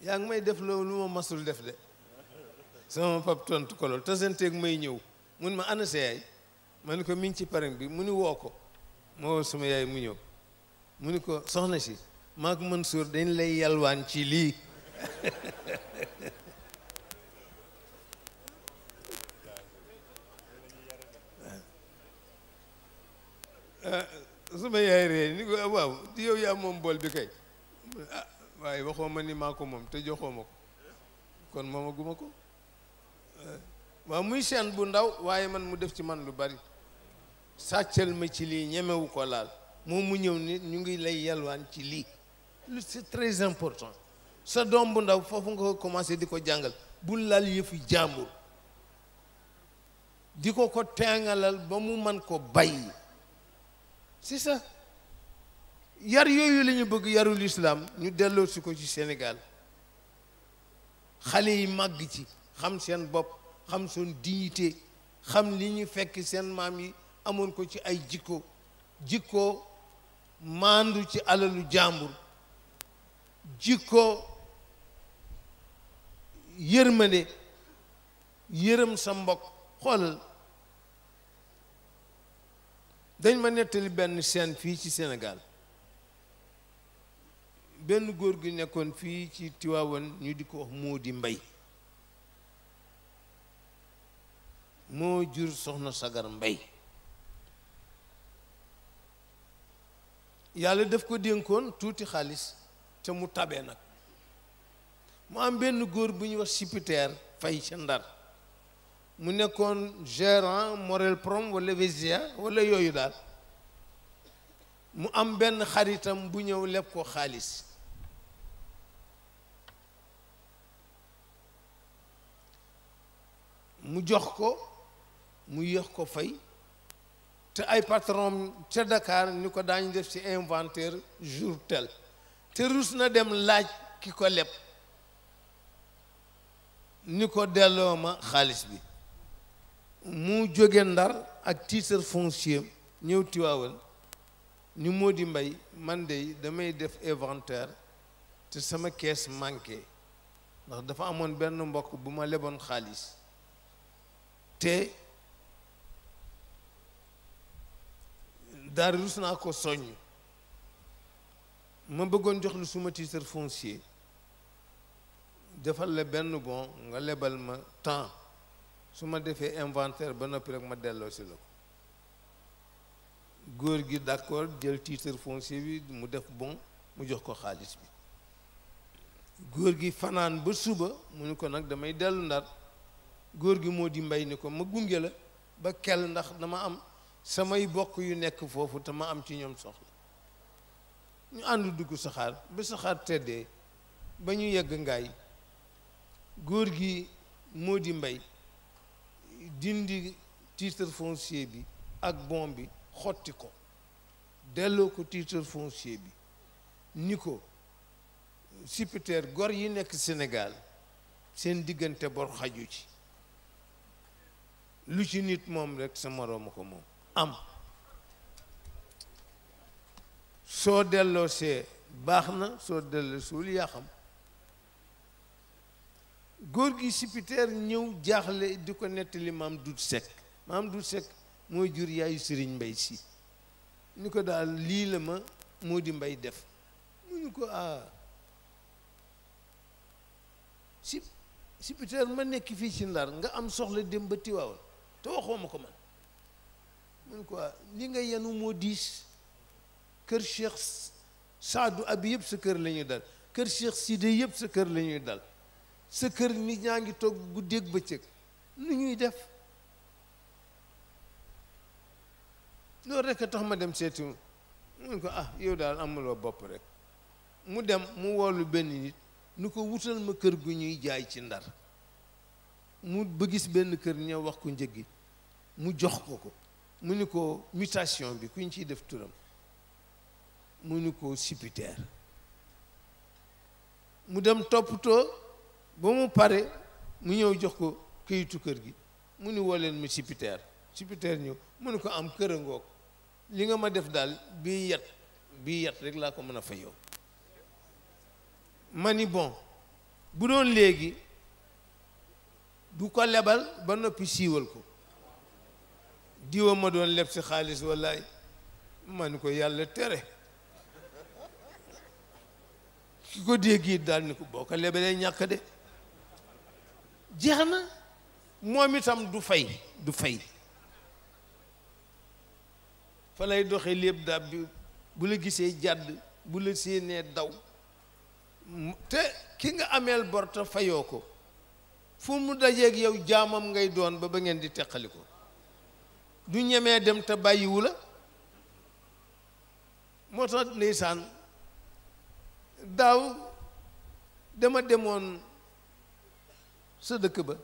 C: yaa ngi may def loolu lu ma masul def de sama pap tontu ko loolu tasanteeg may ñëw mun ma ana yaay ma ko mi ngi ci parin bi mu ni woo ko ma woo sama yaay mu ñëw mu ni ko soxna si maa ko Mansour dañ lay yalwaan ci lii ah. sama yaay ree ni ko ah, waaw yow yaa moom bool bi kay ah, waaye waxoo ma ni maa ko moom te joxoo ma ko kon moomaguma ko waaw muy seen bu ndaw waaye man mu def ci man lu bari sàccal ma ci lii ñemewu ko laal moom mu ñëw nit ñu ngi lay yalwaan ci lii lu c'est très important sa doom bu ndaw foofu nga ko commencé di ko jàngal bu laal yëfu jàmbur di ko ko tengalal ba mu man ko bàyyi c'est sa yar yooyu lañu bëgg yaru lislaam ñu delloo si ko ci Sénégal xale yi màgg ci xam seen bopp xam seen dignité xam li ñu fekk seen maam yi amoon ko ci ay jikko jikko màndu ci alalu jàmbur jikko yërmande yërëm sa mbokk xoolal dañ ma nettali benn seen fii ci senegaal benn góor gi nekkoon fii ci Tiwaawan ñu di ko wax Moodi Mbay moo jur soxna Sagar Mbay yàlla daf ko dénkoon tuuti xaalis te mu tabe nag mu am benn góor bu ñuy wax sipiteer fay ca Ndar mu nekkoon gérant Morel Prom wala Vésia wala yooyu daal mu am benn xaritam bu ñëw leb ko xaalis mu jox ko mu yéex ko fay te ay patron ca dakaar ni ko daañu def ci inventaire jour tel te rus na dem laaj ki ko leb ni ko dellooma xaalis bi mu jóge ndar ak titre foncier ñëw Tivaouane ni moo di mbay man de damay def inventaire te sama kees manqué ndax dafa amoon benn mbokk bu ma leboon xaalis te daara rus naa ko soññ ma bëggoon jox lu suma titre foncier defal la benn bon nga lebal ma temps su ma defee inventaire ba noppi rek ma delloo si la ko góor gi d'accord jël titre foncier bi mu def bon mu jox ko xaalis bi góor gi fanaan ba suba mu ne ko nag damay dellu ndar góor gi moo di mbay ni ko ma gunge la ba kell ndax dama am samay bokk yu nekk foofu te ma am ci ñoom soxla ñu ànd dugg saxaar ba saxaar teddee ba ñu yegg ngaay góor gi moo di mbay dindi titre foncier bi ak bon bi xotti ko delloo ko titre foncier bi ni ko sipiteer gor yi nekk Sénégal seen diggante bor xaju ci lu ci nit moom rekk sa morooma ko moom am soo delloo see baax na soo delloo suul yaa xam góor gi sipiteer ñëw jaaxle di ko nettali maam du sekk maam du sekk mooy jur yaayu sëriñ mbay si ni ko daal lii la ma moo di mbay def mu ñu ko ah sipiteer ma nekk fii ci ndar nga am soxla dem ba tiwaawoon te waxoo ma ko man mu ñu ko ah li nga yenu moo diis kër Cheikh Saadu ab yëpp sa kër la ñuy dal kër Cheikh Sidi yëpp sa kër lañuy dal sa kër nit ñaa ngi togg guddeeg bëccëg ni ñuy def loolu rekk a tax ma dem seeti mu ko ah yow daal amuloo bopp rek mu dem mu woolu benn nit nu ko wutal ma kër gu ñuy jaay ci ndar mu ba gis benn kër ñëw wax ko njëggi mu jox ko ko mu ni ko mutation bi kuñ ciy def turam mu ni ko sipiteer mu dem toppatoo ba mu pare mu ñëw jox ko këyitu kër gi mu ni woo leen ma sipiteer sipiteer ñëw mu ni ko am kër angoog li nga ma def daal bii yat bii yat rek laa ko mën a fa yow ma ni bon bu doon léegi du ko lebal ba noppi siiwal ko diwa ma doon leb si xaalis wallaay ma ni ko yàlla tere ki ko dégg it daal ni ko boo ko lebalee ñàkk de jeex na moom itam du fay du fay fa lay doxe lépp dab bi bu la gisee jàdd bu la séenee daw te ki nga ameel borta fayoo ko fu mu dajeeg yow jaamam ngay doon ba ba ngeen di teqali ko du ñemee dem te bàyyiwu la moo tax daaw dama demoon sa dëkk ba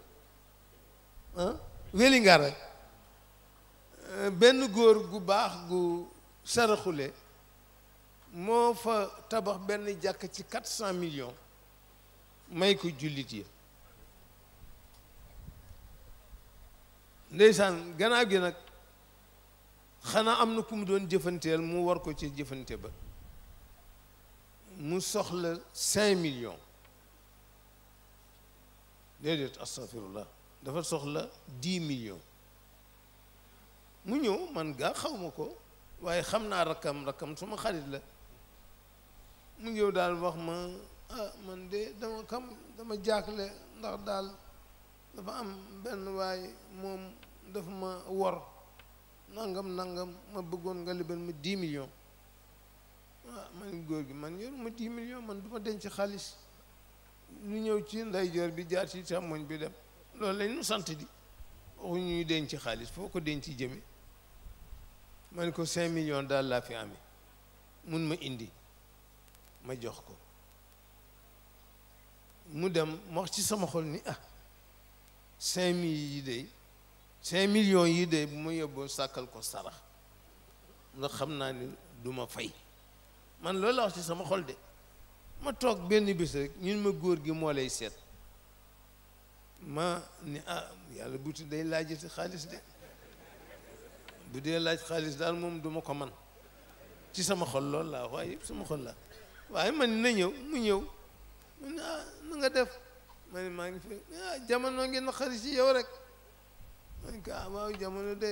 C: ah rek euh, benn góor gu baax gu saraxule moo fa tabax benn jàkk ci quatre cent millions may ko jullit yi ndeysaan gannaaw gi nag xanaa am na ku mu doon jëfanteel mu war ko ci jëfante ba mu soxla cinq millions déedéet astafirullah dafa soxla dix millions mu ñëw man gaa xaw ma ko waaye xam naa rakkam rakkam suma xarit la mu ñëw daal wax ma ah man de dama kam dama jaaxle ndax daal dafa am benn waaye moom dafa ma wor nangam nangam ma bëggoon nga lebal ma dix millions ah man góor gi man yoru ma dix millions man du ma denc xaalis ñu ñëw ci ndeyjoor bi jaar ci càmmoñ bi dem loolu lañ ñu sant di waxu ñuy denc xaalis foo ko denc jëme man ko cinq million daal laa fi mun ma indi ma jox ko mu dem ma wax ci sama xol ni ah cinq mille yi de cinq millions yi de bu ma yóbboo sàkkal ko sarax ndax xam naa ni duma ma fay man loolu la wax ci sama xol de ma toog benn bis rek ñun ma góor gi moo lay seet ma ni ah yàlla buti day laaj laajati xaalis de bu dee laaj xaalis daal moom duma ko man ci sama xol lool laa waaye yëpp sama xol laa waaye man na ñëw mu ñëw mu ne ah na nga def ma ne maa ngi fi ah ngeen ngi naqari ci yow rek ma ne ah, waaw jamono de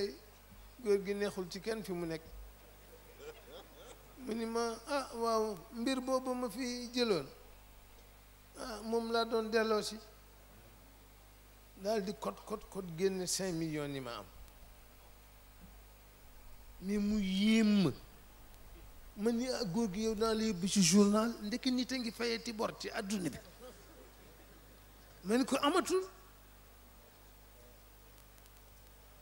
C: góor gi neexul ci kenn fi mu nekk mu ni ma ah waaw mbir boobu ma fi jëloon ah moom laa doon delloo si daal di kot kot kot génne cinq millions yi ma am mais mu yéem ma ni ah, góor gi yow daal yóbbu ci journal ndekk nit a ngi fayati bor ci àdduna bi ma ni ko amatul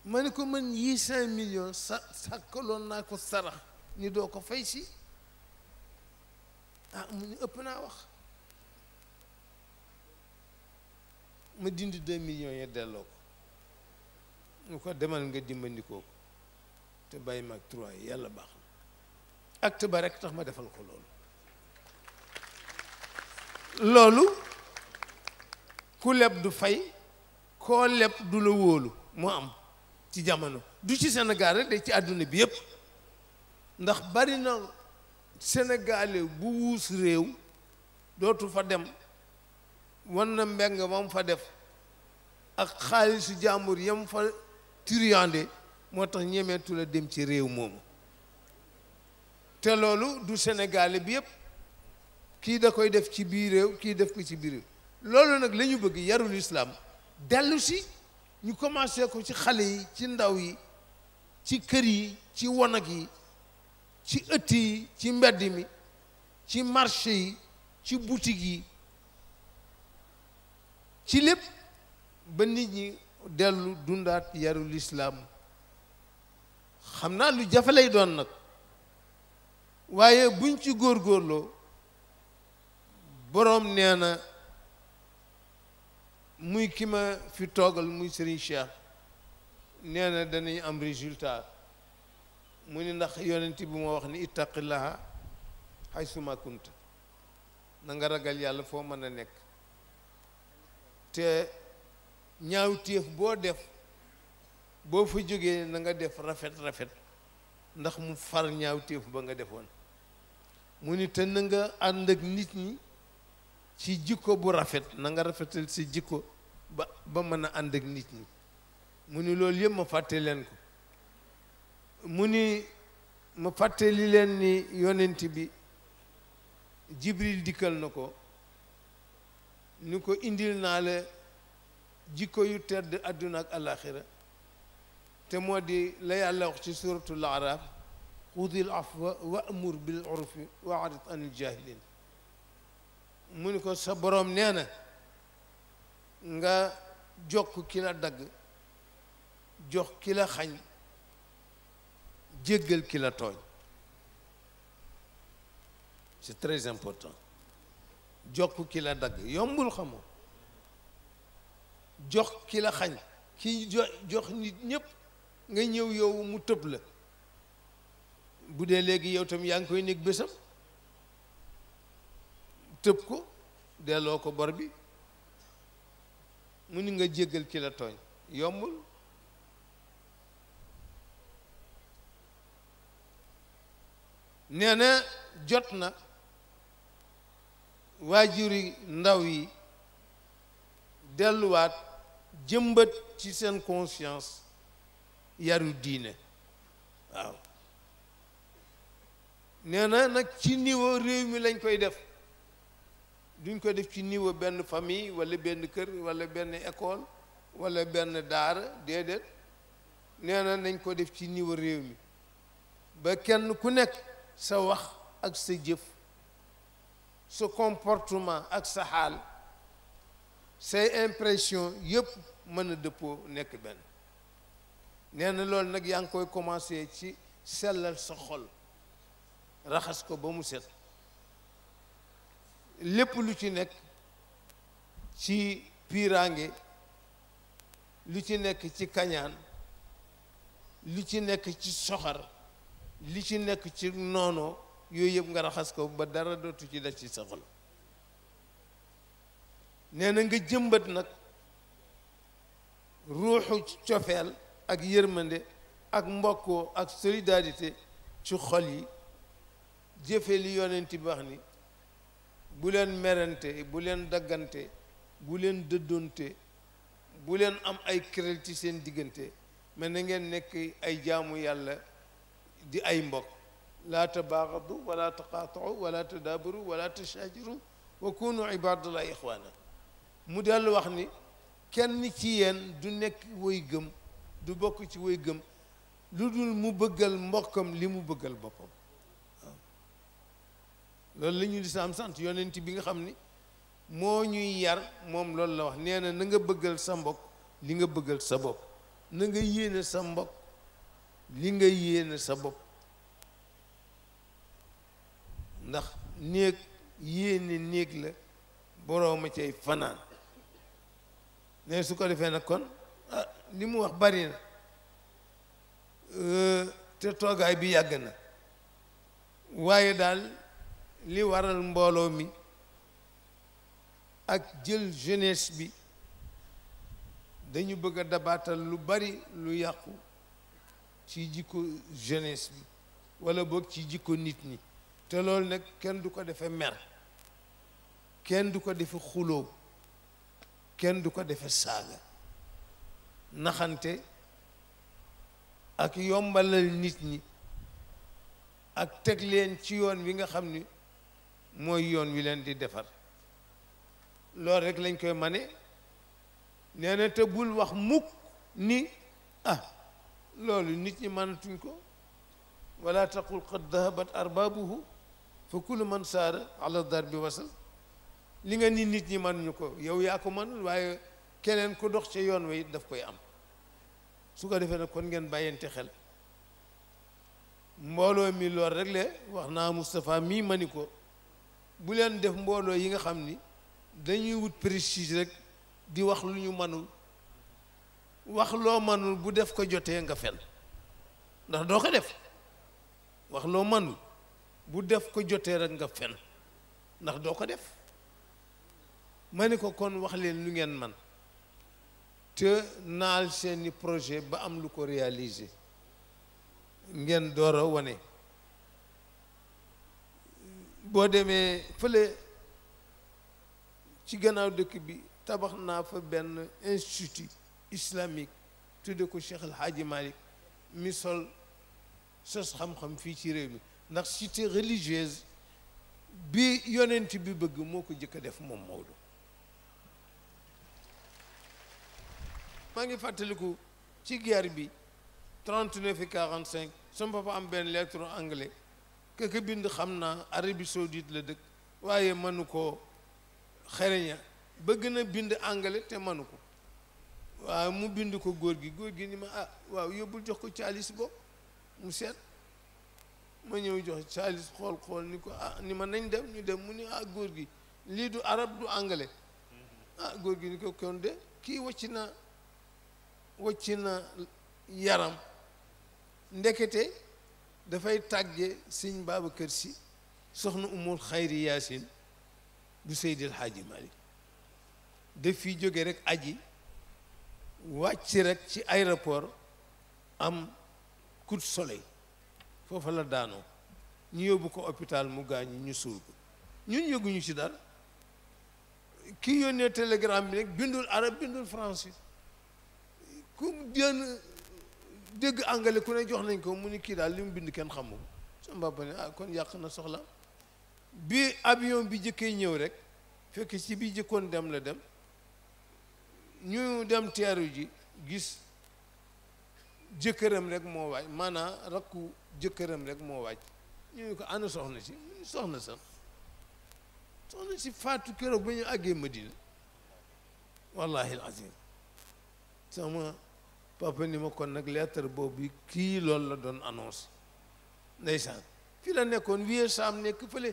C: ma ni ko mën yii cinq millions sa sàkkaloon naa ko sarax ni doo ko fay si ah mu ni ëpp naa wax ma dindi deux millions ya delloo ko ñu ko demal nga dimbandikoo ko te bàyyi ma trois yàlla baax na acte ba tax ma defal ko loolu loolu ku leb du fay koo leb du la wóolu mu am ci jamono du ci Sénégal rek de ci àdduna bi yépp ndax bari na sénégalais bu wuus réew dootu fa dem wan na mbeng mam fa def ak xaalisu jàmbur yam fa turiyande moo tax ñemeetu dem ci réew moomu te loolu du sénégalais bi yépp kii da koy def ci biir réew kii def ko ci biir réew loolu nag lañu bëgg yarul islaam dellu ñu commencé ko ci xale yi ci ndaw yi ci kër yi ci wanag yi ci ëtt yi ci mbedd mi ci marché yi ci butik yi ci lépp ba nit ñi dellu dundaat yaru lislaam xam naa lu jafe lay doon nag waaye buñ ci góor góorloo boroom nee na muy ki ma fi toogal muy Serigne Cheikh nee na danañ am résultat mu ni ndax yonent bi ma wax ni ittaqillaha xay suma kunta na nga ragal yàlla foo mën a nekk te ñaaw téef boo def boo fa jógee na nga def rafet rafet ndax mu far ñaaw téef ba nga defoon mu ni te na ànd ak nit ñi ci jikko bu rafet na nga rafetal si jikko ba ba mën a ànd ak nit ñi mu ni loolu yëpp ma fàtte leen ko mu ni ma fàttali leen ni yonent bi jibril dikkal na ko ni ko indil naa la jikko yu tedd àdduna ak alaxira te moo di la yàlla wax ci suratul araf xudil afwa wa amur bil urfi wa arid anil jahilin mu ni ko sa boroom nee na nga jokk ki la dagg jox ki la xañ jéggal ki la tooñ c'est très important jokk ki la dagg yombul xamoo jox ki la xañ ki jo jox nit ñépp nga ñëw yow mu tëb la bu dee léegi yow tam yaa ngi koy nekk bésam tëb ko delloo ko bor bi mu ni nga jéggal ki la tooñ yombul nee jot na waajuri ndaw yi delluwaat jëmbat ci seen conscience yaru diine waaw nee nag ci niveau réew mi lañ koy def duñ ko def ci niveau benn famille walla benn kër walla benn école walla benn daara déedéet neena na nañ ko def ci niveau réew mi ba kenn ku nekk sa wax ak sa jëf sa comportement ak sa xaal say impression yëpp mën a dëppoo nekk benn nee na loolu nag yaa ngi koy commencé ci sellal sa xol raxas ko ba mu set lépp lu ci nekk ci piiraange lu ci nekk ci kañaan lu ci nekk ci soxar li ci nekk ci noonoo yooyu yëpp nga raxas ko ba dara dootu ci def ci sa xol nee na nga jëmbat nag ruuxu cofeel ak yërmande ak mbokkoo ak solidarité ci xol yi jëfe li yonent bi wax ni bu leen merante bu leen daggante bu leen dëddoonte bu leen am ay këral ci seen diggante mais na ngeen nekk ay jaamu yàlla di ay mbokk laa tabaagadu wala taqaatuu wala tadaabaru wala tashaajaru wa kunu ibadullah ixwaana mu dal wax ni kenn ci yéen du nekk woy gëm du bokk ci woy gëm lu dul mu bëggal mbokkam li mu bëggal boppam loolu la ñu lislaam sant yonent bi nga xam ni moo ñuy yar moom loolu la wax nee na na nga bëggal sa mbokk li nga bëggal sa bopp na nga yéene sa mbokk li nga yéene sa bopp ndax néeg yéene néeg la borooma cay fanaan ne su ko defee nag kon ah, li mu wax bari na euh, te toogaay bi yàgg na waaye daal li waral mbooloo mi ak jël jenes bi dañu bëgg a dabaatal lu bari lu yàqu ci jikko jeunesse bi wala boog ci jikko nit ñi te loolu nag kenn du ko defe mer kenn du ko defe xuloo kenn du ko defe saaga naxante ak yombalal nit ñi ak teg leen ci yoon wi nga xam ni mooy yoon wi leen di defar loolu rek lañ koy mane neena na te bul wax mukk ni ah loolu nit ñi mënatuñ ko wala taqul qad dahabat arbaabuhu fa kullu man saara ala darbi wasal li nga ni nit ñi mënuñu ko yow yaa ko mënul waaye keneen ku dox ca yoon wa it daf koy am su ko defee nag kon ngeen bàyyante xel mbooloo mi lool rek le wax naa Moustapha mii ma ni ko bu leen def mbooloo yi nga xam ni dañuy wut prestige rek di wax lu ñu mënul wax loo mënul bu def ko jotee nga fen ndax doo ko def wax loo mënul bu def ko jotee rek nga fen ndax doo ko def ma ni ko kon wax leen lu ngeen man te naa seeni projet ba am lu ko réaliser ngeen door a wane boo demee fële ci gannaaw dëkk bi tabax naa fa benn institut islamique tudde ko Cheikh El Hadji Malick mi sol sos xam fii ci réew mi ndax cité religieuse bi yonent bi bëgg moo ko jëkk a def moom Maodo maa ngi fàttaliku ci guerre bi 39 et 45 sama papa am benn lettre anglais keke bind xam naa Arabie Saoudite la dëkk waaye mënu koo xereña bëgg na bind anglais te mënu ko waaw mu bind ko góor gi góor gi ni ma ah waaw yóbbul jox ko xaalis bo mu seet ma ñëw jox xaalis xool xool ni ko ah ni ma nañ dem ñu dem mu ni ah góor gi lii du arab du anglais mm-hmm. ah góor gi ni ko kon de kii wacc na wacc na yaram ndekete dafay tàgge sëñ kër Si soxna umul xayri yaasin bu Seydil Haaji Malik daf fi jóge rek aji wàcc rek ci aéroport am coup de soleil foofa la daanoo ñu yóbbu ko hôpital mu gaañu ñu suul ko ñun yëguñu ci dara kii yónnee télégramme bi nag bindul arabe bindul français ku génn dégg angale ku ne jox nañ ko mu ni kii daal li mu bind kenn xamu ko sama papa ne ah, kon yàq na soxla bi avion bi jëkkee ñëw rek fekk ci bi jëkkoon dem la dem ñu dem teeru ji gis jëkkëram rekk moo waaj maanaam rakku jëkkëram rek moo waaj ñu ne ko ana soxna si soxna sax soxna si faatu keroog ba ñu àggee Madina wallahi alazim sama papa ni ma kon nag lettre boobu kii loolu la doon annonce ndeysaan fii la nekkoon wiyee saam nekk fële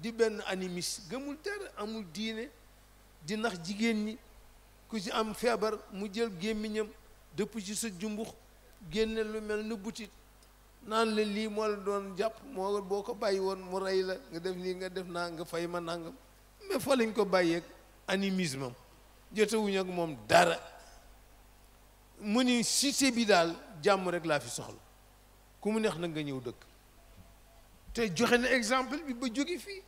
C: di benn animiste gëmul dara amul diine di nax jigéen ñi ku ci am feebar mu jël gémmiñam dëpp ci sa jumbux génne lu mel ni butit naan la lii moo la doon jàpp moo boo ko bàyyi woon mu rey la nga def nii nga def naa nga fay ma nàng mais fa lañ ko bàyyeeg animisme am jotewuñ moom dara mu ni cité bi daal jàmm rek laa fi soxla ku mu neex na nga ñëw dëkk te joxe na exemple bi ba jóge fii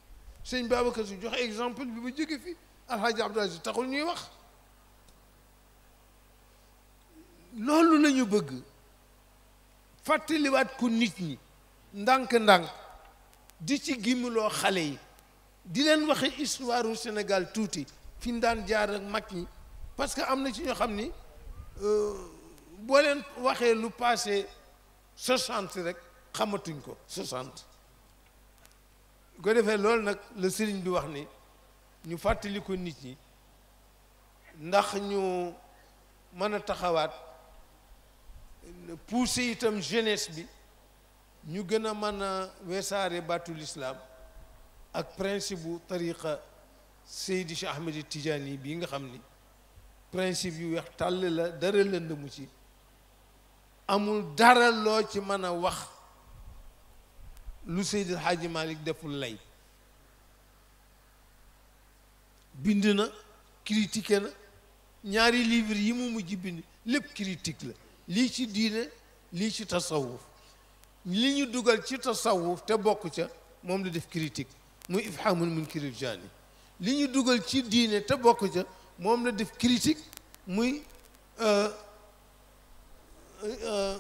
C: sëñ Babacar Si joxe exemple bi ba jóge fii alxaaji Abdou Aziz taxul ñuy wax loolu lañu bëgg fàttaliwaat ko nit ñi ndànk-ndànk di ci gimuloo xale yi di leen waxe histoire u Sénégal tuuti fi ñu daan jaar ak mag ñi parce que am na ci ñoo xam ni euh, boo leen waxee lu passé soixante rek xamatuñ ko soixante ko defee loolu nag la sëriñ bi wax ni ñu fàttali ko nit ñi ndax ñu mën a taxawaat pousser itam jeunesse bi ñu gën a mën a weesaare bàttu lislaam ak principe bu tariqa Seydi Cheikh Ahmed Tidiane bii nga xam ni principe yu weex tàll la dara lënd mu ci amul dara loo ci mën a wax lu Seydi El Hadji deful lay bind na critiqué na ñaari livre yi mu mujj bind lépp critique la lii ci diine lii ci tasawuf li ñu dugal ci tasawuf te bokk ca moom la def critique muy ifhamul munkiril jaani li ñu dugal ci diine te bokk ca moom la def critique muy euh, euh,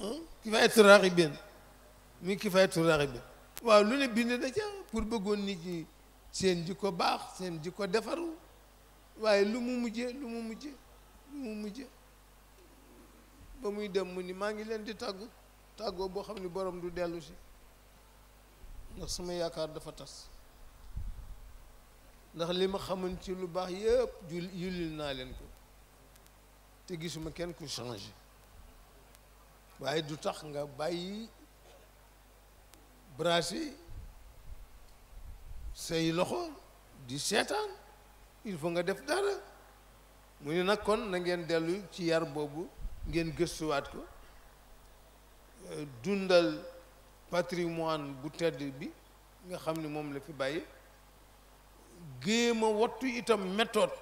C: euh, kifaayatu raaxibin muy kifaayatu raaxibin waaw lu ne bind ca pour bëggoon nit ñi seen jikko baax seen jikko defaru waaye lu mu mujje lu mu mujje mu mujj ba muy dem mu ni maa ngi leen di tàgg tàggoo boo xam ni borom du dellusi si ndax sama yaakaar dafa tas ndax li ma xaman ci lu baax yépp jul yullil naa leen ko te gisuma kenn ku changé waaye du tax nga bàyyi brassé say loxo di seetaan il faut nga def dara mu ne nag kon na ngeen dellu ci yar boobu ngeen gëstuwaat ko euh, dundal patrimoine bu tedd bi nga xam ni moom la fi bàyyi géema wattu itam méthode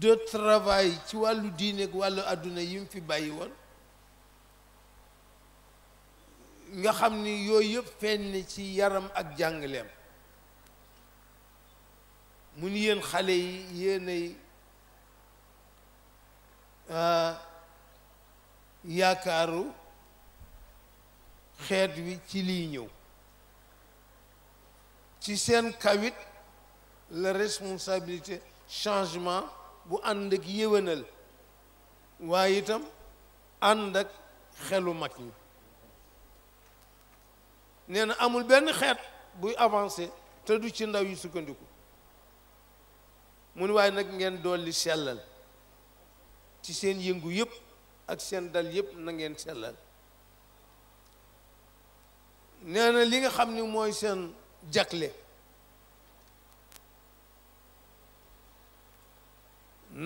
C: de travail ci wàllu diine ak wàllu àdduna yi mu fi bàyyi woon nga xam ni yooyu yëpp feeñ ci yaram ak jàngaleem mu ni yéen xale yi yéenay ah, yaakaaru xeet wi ci liy ñëw ci seen kawit la responsabilité changement bu ànd ak yéwénal waaye itam ànd ak xelu mag ñi nee na amul benn xeet buy avancé te du ci ndaw yi sukkandiku mu ni waaye nag ngeen dolli sellal ci seen yëngu yëpp ak seen dal yëpp nangeen ngeen sellal nee li nga xam ni mooy seen jagle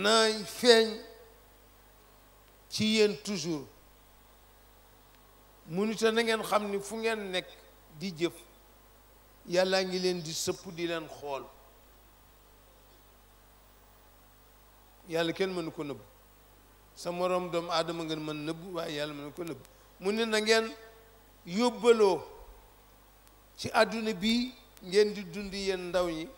C: naay feeñ ci yéen toujours mu ni te na ngeen xam ni fu ngeen nekk di jëf yàlla ngi leen di sëpp di leen xool yàlla kenn mënu ko nëbb sa moroom doomu aadama ngeen mën nëbb waa yàlla mënu ko nëbb mu ne na ngeen yóbbaloo ci àdduna bi ngeen di dund yen ndaw ñi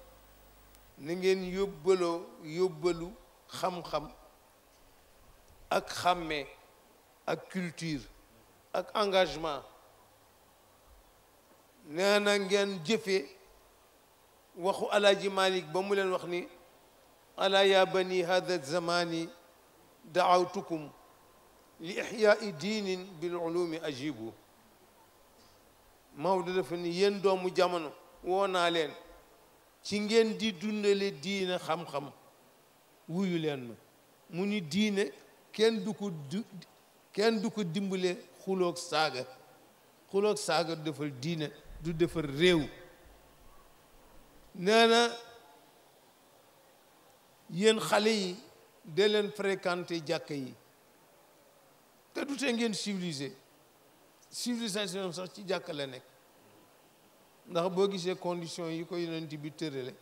C: ni ngeen yóbbaloo yóbbalu xam-xam ak xàmmee ak culture ak engagement nee na ngeen jëfee waxu alaaji Malick ba mu leen wax ni ala ya bani hada zamani daawtukum li ixyaai diinin bil ulumi ajibu Maodo dafa ni yéen doomu jamono woo naa leen ci ngeen di dundale diine xam-xam wuyu leen ma mu ni diine kenn du ko du kenn dimbale xuloog saaga xuloog saaga du defal diine du defal réew nee yéen xale yi de leen fréquenter jàkk yi te du tee ngeen civilisé civilisation sax ci jàkk la nekk ndax boo gisee condition yi ko yonent bi tërale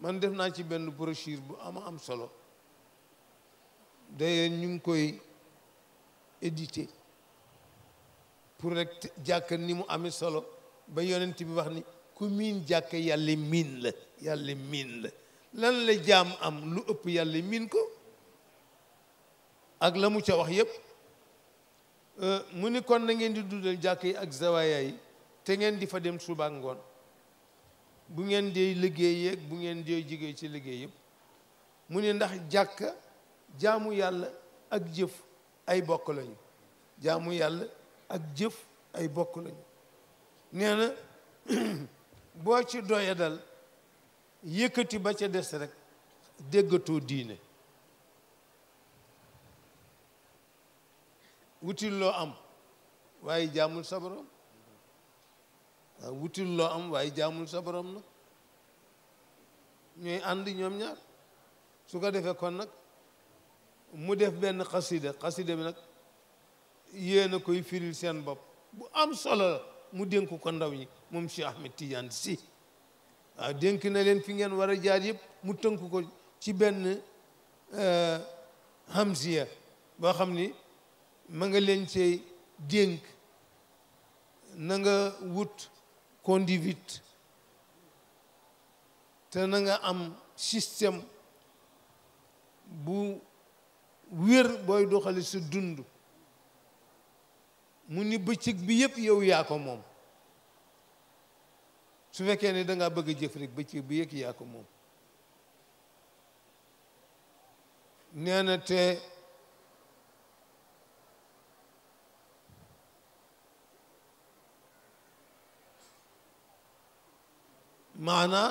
C: man def naa ci benn brochure bu ama am solo d'ailleurs ñu ngi koy édité pour rekk jàkk ni mu amee solo ba yonent bi wax ni ku miin jàkk yàlla miin la yàlla miin la lan la jaam am lu ëpp yàlla miin ko ak la mu ca wax yépp euh, mu ni kon na ngeen di dundal jàkk yi ak zawaaya yi te ngeen di fa dem suba ngoon bu ngeen dee liggéey yeeg bu ngeen dee jigéey ci liggéey yépp mu ni ndax jàkk jaamu yàlla ak jëf ay bokk lañu jaamu yàlla ak jëf ay bokk lañu nee na boo ci doya dal yëkkati ba ca des rek déggatoo diine wutil loo am waaye jaamul sa borom wutil loo am waaye jaamul sa borom nag ñooy ànd ñoom ñaar su ko defee kon nag mu def benn xasida xasida bi nag yéen a koy firil seen bopp bu am solo mu dénk ko ndaw ñi moom Cheikh Ahmed Tidiane Sy waaw ah, dénk na leen fi ngeen war a jaar yëpp mu tënk ko ci benn eh, hamziya boo xam ni ma nga leen cey dénk na nga wut conduite te na nga am sistem bu wér booy doxale sa dund mu ni bëccëg bi yëpp yow yaa ko moom su fekkee ne da ngaa bëgg a jëf rek bëccëg bi yëg moom nee te maanaa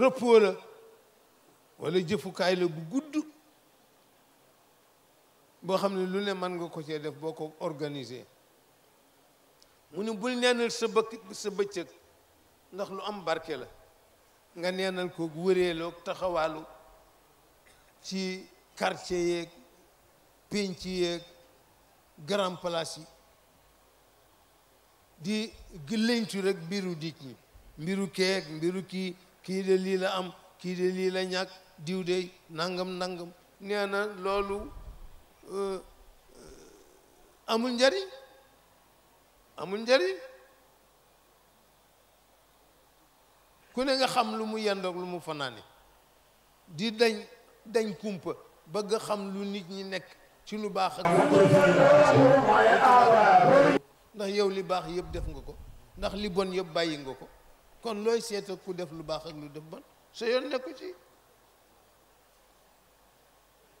C: repos la wala jëfukaay la bu gudd boo xam ne lu ne mën nga ko cee def boo ko organise mu ne bul neenal sa bëkk sa bëccëg ndax lu am barke la nga neenal ko wëreeloog taxawalu ci quartier yeeg pénc yeeg grand place di gëlëñtu rek mbiru nit ñi mbiru keeg mbiru kii kii de lii la am kii de lii la ñàkk diw de nangam nangam nee loolu euh, euh, amul njariñ amul njariñ ku ne nga xam lu mu yendoog lu mu fanaani di dañ dañ kumpa bëgg xam lu nit ñi nekk ci lu baax ak ndax yow li baax yépp def nga ko ndax li bon yëpp bàyyi nga ko kon looy seeta ku def lu baax ak lu def bon sa yoon nekku ci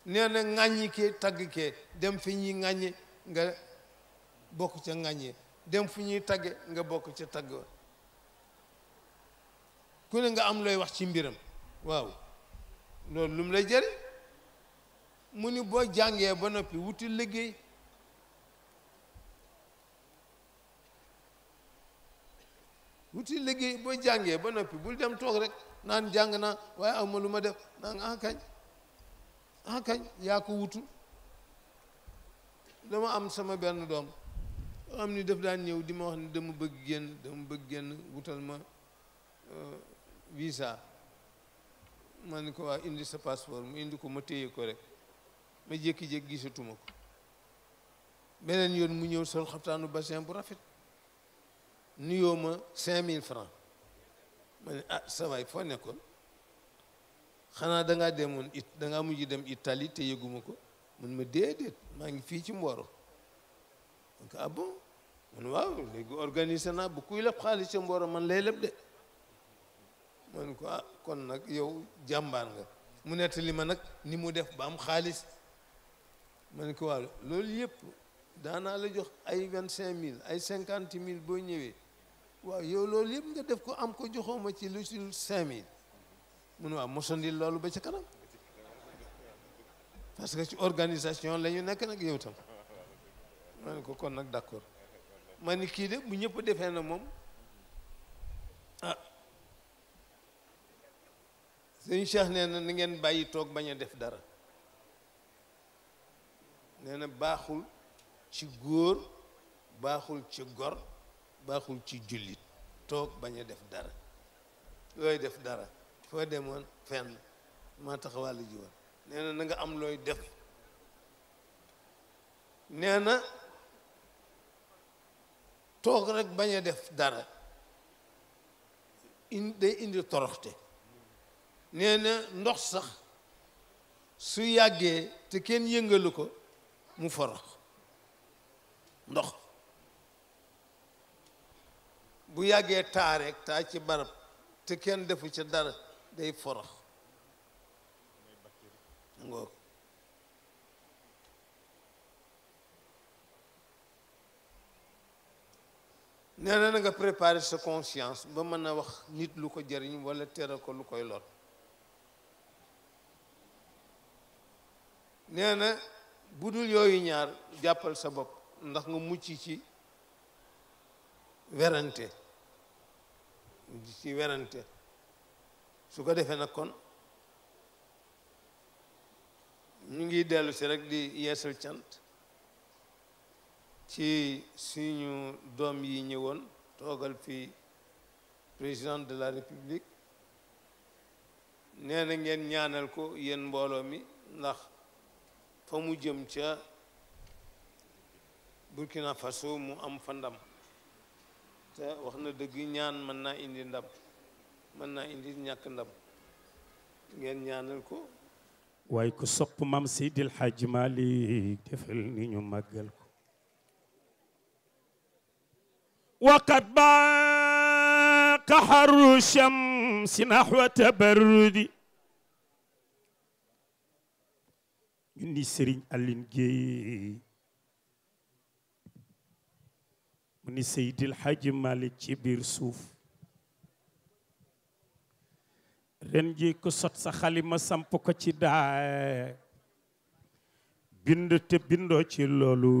C: nee na tagg kee dem fi ñi ŋàññe nga bokk ca ŋàññee dem fu ñuy tagge nga bokk ca tagg wa ku ne nga am looy wax ci mbiram waaw loolu lu mu lay jëriñ mu ni boo jàngee ba noppi wuti liggéey wuti liggéey boo jàngee ba noppi bul dem toog rek naan jàng na waaye am ma lu ma def naan ah kañ ah kañ yaa ko wutu dama am sama benn doom am ni daf daan ñëw di ma wax ne dama bëgg génn dama bëgg génn wutal ma euh, visa ma ni ko waa indi sa passeport mu indi ko ma téye ko rek ma jékki-jékki gisatuma ko beneen yoon mu ñëw sol xaftaanu bassin bu rafet nuyoo ma cinq mille francs ma ne ah saway foo nekkoon xanaa da ngaa demoon it da ngaa mujj dem Italie te yëguma ko mun ma déedéet maa ngi fii ci Mboro donc ah man waaw léegi organisé naa bu kuy leb xaalis ca Mboro man lay leb de man ko ah kon nag yow jàmbaar nga mu nettali ma nag ni mu def ba am xaalis man ko waaw loolu yëpp daanaa la jox ay vingt cinq mille ay cinquante mille boo ñëwee waaw yow loolu yëpp nga def ko am ko joxoo ci lu ci cinq mille mun waaw mosondil loolu ba ci kanam parce que ci organisation la ñu nekk nag yow tam man ko kon nag d'accord ma ni kii de bu ñëpp defee na moom ah sëñ Cheikh nee na ni ngeen bàyyi toog bañ a def dara nee na baaxul ci góor baaxul ci gor baaxul ci jullit toog bañ a def dara looy def dara foo demoon fenn maa taxawàllu ji woon nee na nga am looy def nee na toog rek bañ a def dara day indi toroxte nee ndox sax su yàggee te kenn yëngalu ko mu forox ndox bu yàggee taa rek taa ci barab te kenn defu ca dara day forox nee na nga préparer sa conscience ba mën a wax nit lu ko jëriñ wala tere ko lu koy lor nee na bu dul yooyu ñaar jàppal sa bopp ndax nga mucc ci werante ci werante su ko defee nag kon ñu ngi dellusi rek di yeesal cant ci suñu doom yi ñëwoon toogal fi président de la république nee ngeen ñaanal ko yéen mbooloo mi ndax fa mu jëm ca Burkina Faso mu am fa ndam te wax na dëgg ñaan mën naa indi ndab mën naa indi ñàkk ndab ngeen ñaanal ko
D: waaye ku sopp mam Seydil Hadji Malick defal ni ñu màggal ko وقد باق حر الشمس نحو تبرد ni Serigne Aline Gueye mu ni Seydil Hadji Malick ci biir suuf ren ji ku sot sa xalima samp ko ci daa bind te bindoo ci loolu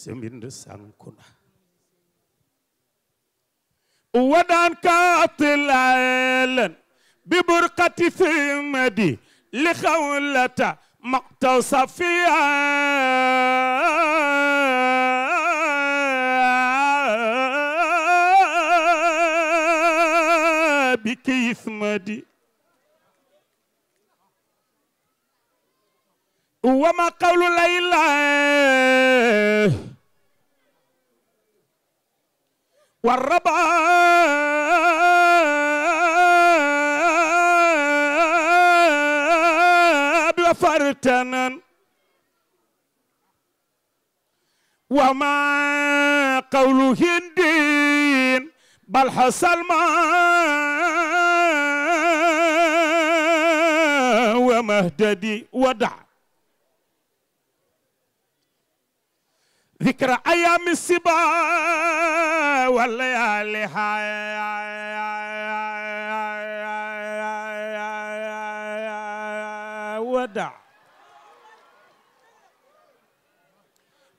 D: sa mbind sànku na ودان كاطل عيلا ببرقة ثمدي لخولة مقتص فيها بكيف مدي وما قول لا إله والرباب وفرتنا وما قول هندين بل حصل ما ومهددي ودع ذكرى أيام السبا والليالي ودع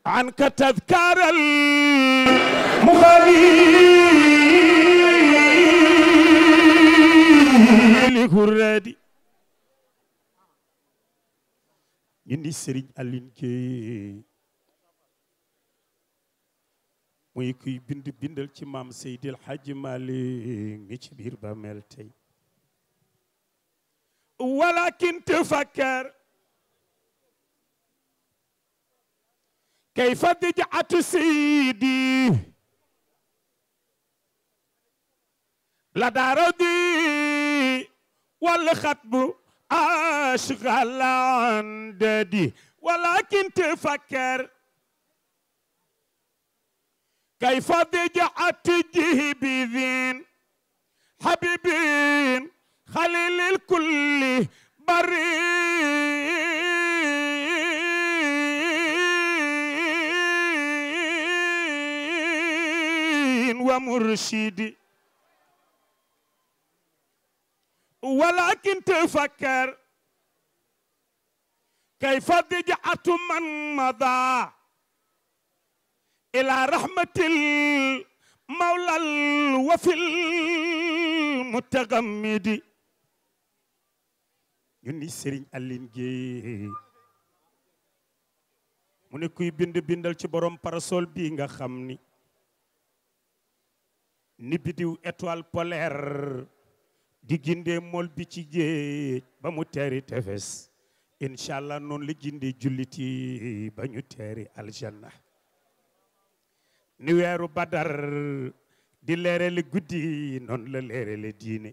D: عنك تذكار المغالي كرادي إني سرج ألين كي muy kuy bind bindal ci maam Seydil Hadji Malick ngi ci biir ba mel tey walakin tafakkar kayfa dijatu seydi la daradi wal khatbu ashghalan dadi walakin tafakkar كيف ضجعت جهبذين حبيبين خليل الكل برين ومرشدي ولكن تفكر كيف ضجعت من مضى إلى رحمة المولى الوفي المتغمد يوني سيرين ألين جي mu ne kuy bind bindal ci borom parasol bii nga xam ni ni bidiw étoile polaire di gindee mool bi ci géej ba mu teeri tefes incha allah noonu gindee jullit ba ñu teeri aljanna ni weeru badar di leerale guddi noonu la leerale diine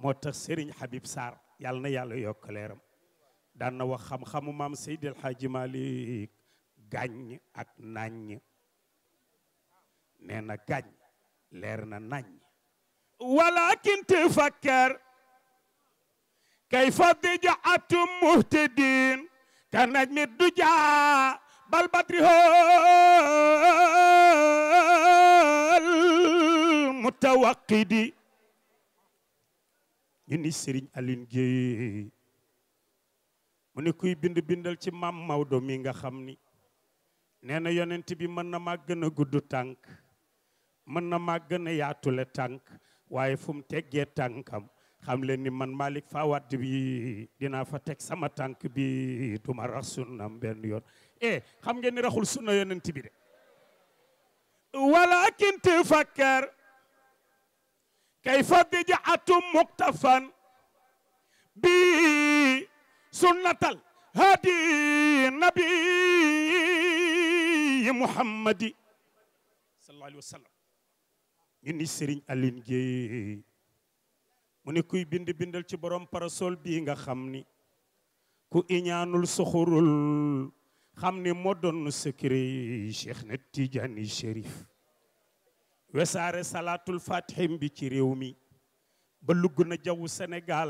D: moo tax Serigne Habib Sarr yàlla na yàlla yokk leeram daan na wax xam-xamu maam Seydi El Hadji Malick gàññ ak naññ nee na gàññ leer na naññ walakin tafakkar kayfa dijaatum muhtadin ka najmi dujaa bal badrihal mutawaqidi ñu ni Serigne Aline Gueye mu ne kuy bind bindal ci maam Maodo mi nga xam ni nee na yonent bi mën na maa gën a gudd tànk mën na maa gën yaatule tànk waaye fu mu teggee tànkam xam leen ni man Malick Fawad bi dinaa fa teg sama tànk bi duma rax sunnam benn yoon eh xam ngeen ni raxul sunna yonent bi de walakin tafakkar kayfa bid'atun muktafan bi sunnatal hadi nabi muhammadi sallallahu alayhi wa sallam ni Serigne Aline Gueye mu ne kuy bind bindal ci borom parasol bii nga xam ni ku iñaanul soxorul xam ni moo doon secret Cheikh na Tidiane Chérif wesaare salaatul fatihim bi ci réew mi ba lugg na jaww Sénégal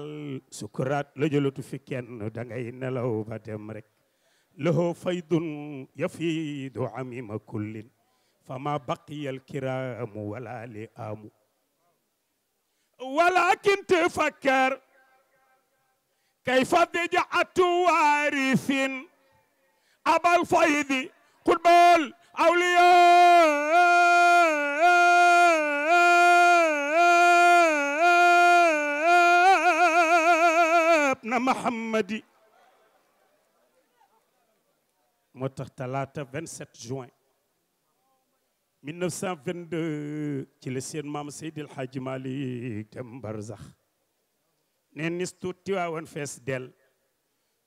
D: sukuraat la jëlatu fi kenn da nelaw ba dem rek lahoo faydun yafiidu amima kullin fama baqiyal kiraamu wala li amu ولكن تفكر كيف بدعة وارث أبا الفيض قل بول أولياء ابن محمد moo tax talaata 27 juin 1922 ci la seen maam Seydi El Hadji Malick dem barzax ne nis tuut tiwaawan fees del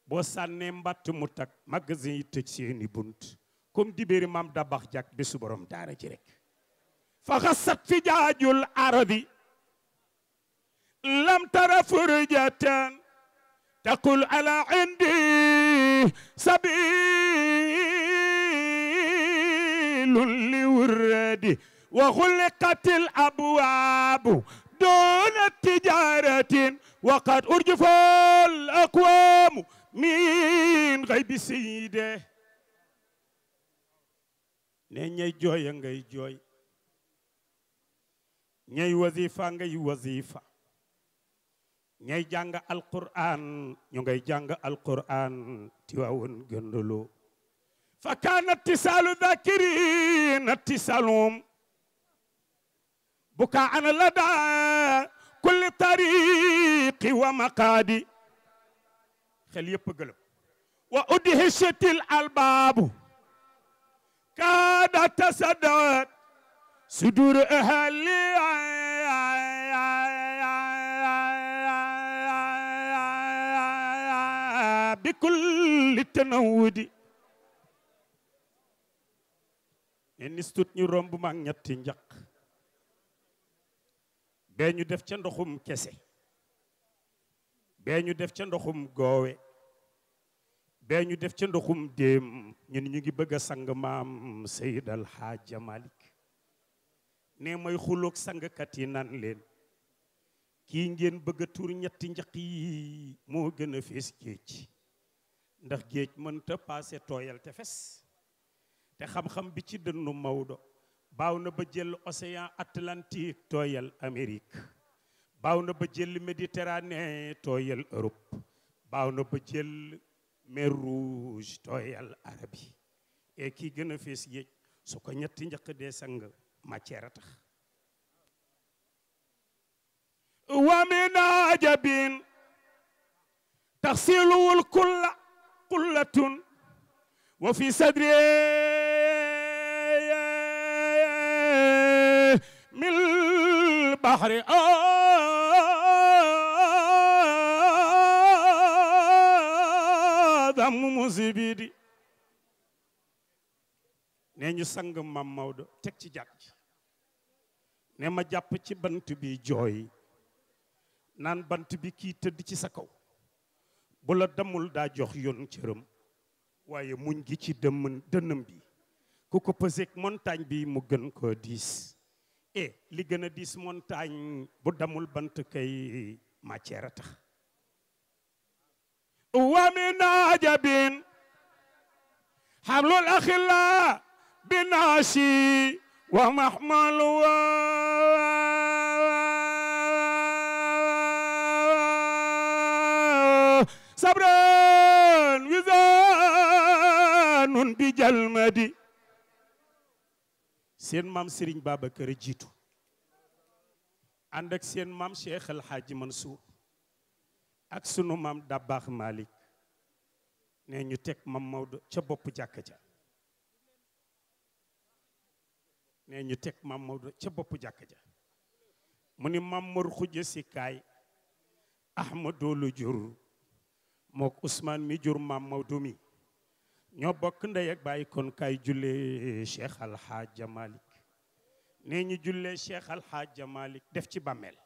D: boo sànnee mbatt mu takk magasin yi tëj seeni bunt comme maam dabax jak bésu borom daara ji fa xasat fi jaajul arabi lam tara furjatan taqul ala indi sabi ويل لورد وغلقت الأبواب دون تجارة وقد أرجف الأقوام من غيب سيده ne ñay jooya ngay jooy ñay wasifa ngay wasifa ñay jàng alquran ñu ngay jàng alquran tiwaawoon gëndaloo fa kaana tisaalu daakiriina tisaalum bukaa ana ladaa kulli tariqi wa maqaadi xel yépp gëlëm wa udhichatil albaabu kaada tasaddat sudur
A: ahaliya
D: bi kulli tanawudi innistut ñu romb maak ñetti njaq bee ñu def ca ndoxum kese bee ñu def ca ndoxum goowe bee ñu def ca ndoxum déem ñu ni ñu ngi bëgg a sang maam Seyd Al Malik ne may xuloog sangkat yi naan leen kii ngeen bëgg a tuur ñetti njaq yi moo gën a fees géej ndax géej mënta paase tooyal te fes te xam-xam bi ci dënnu Maodo baaw na ba jël Atlantique tooyal Amérique baaw na ba jël tooyal Europe baaw na ba jël mer tooyal Arabie et kii a fees yéeg su ko ñetti njëkk dee sang matière a tax wamina jabin taxsiluwul kulla kullatun wa fi sadri البحر adam mu musibi nee ñu sang mam Maodo teg ci jàkk ne ma jàpp ci bant bi jooy naan bant bi kii tëdd ci sa kaw bu la damul daa jox yoon cëram waaye muñ gi ci dëmm bi ku ko pëseek montagne bi mu gën ko diis e li gën a diis montagne bu damul bant kay matière a tax wa min ajabin xablul axilla bi naasi wa maxmalu sabran wisanun bi jalmadi seen maam Serigne kër a jiitu ànd ak seen maam Cheikh El Hadji Mansour ak sunu maam Dabbaax Malick ne ñu teg mam Maodo ca bopp jàkka ja ne ñu teg mam Maodo ca bopp jàkka ja mu ni mam Mor Xuja si kaay Ahmadou lu jur mook Ousmane mi jur mam Maodo mi ñoo bokk ndey ak bàyyi kon kaay jullee cheikh alxaaja malik nee ñu jullee cheikh alxaaja malik def ci bameel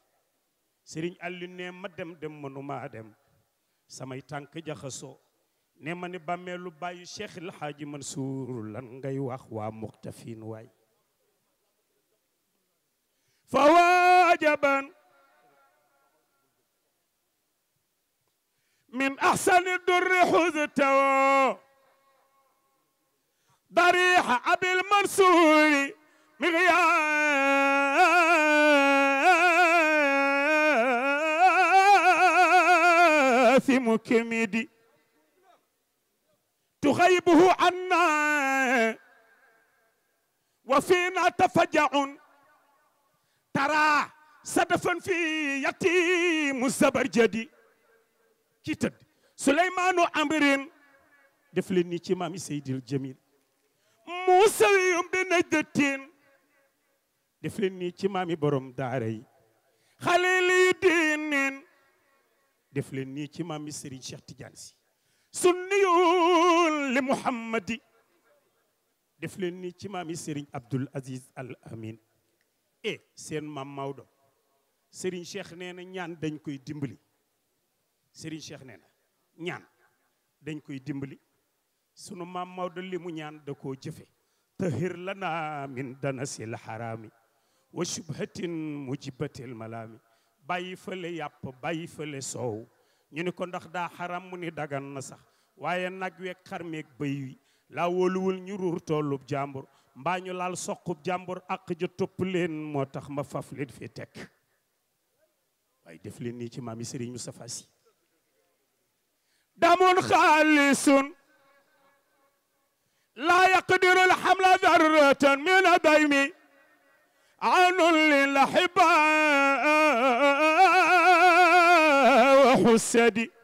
D: sëriñ Aliou ne ma dem dem mënumaa dem samay tànk jaxasoo ne ma ni bàmmeelu bàyyi cheikh alxaaji mansuur lan ngay wax waa muxtafin waay fa waajaban min axsani durri xustawoo ضريح أبي المنصور مغياث مكمدي تغيبه عنا وفينا تفجع ترى صدفا في يتيم الزبرجدي كي تد سليمان أمرين دفلني كمامي سيد الجميل muusawiyum bi najdatin def leen nii ci maami borom daara yi xaliliyu diinin def leen nii ci maami Serigne Cheikh Tidiane si sunniyun li muhammadi def leen nii ci maami Serigne Abdoul Aziz Al Amin e seen maam Maodo Serigne Cheikh nee na ñaan dañ koy dimbali Serigne Cheikh nee na koy dimbali sunu maam Maodo li mu ñaan da koo jëfe lana min danasil harami wa shubhatin mujibatil malami bàyyi fële yàpp bàyyi fële soow ñu ni ko ndax daa xaram mu ni dagan na sax waaye nag weeg xar meeg bëy wi laa wóoluwul ñu ruur tollub jàmbur mbaa ñu laal soqub jàmbur ak ja topp leen moo tax ma faf leen fi teg waaye def leen nii ci maami Serigne Moustapha Sy xaalisun لا يقدر الحمل ذرة من ضيمي عن للأحباء
A: وحسدي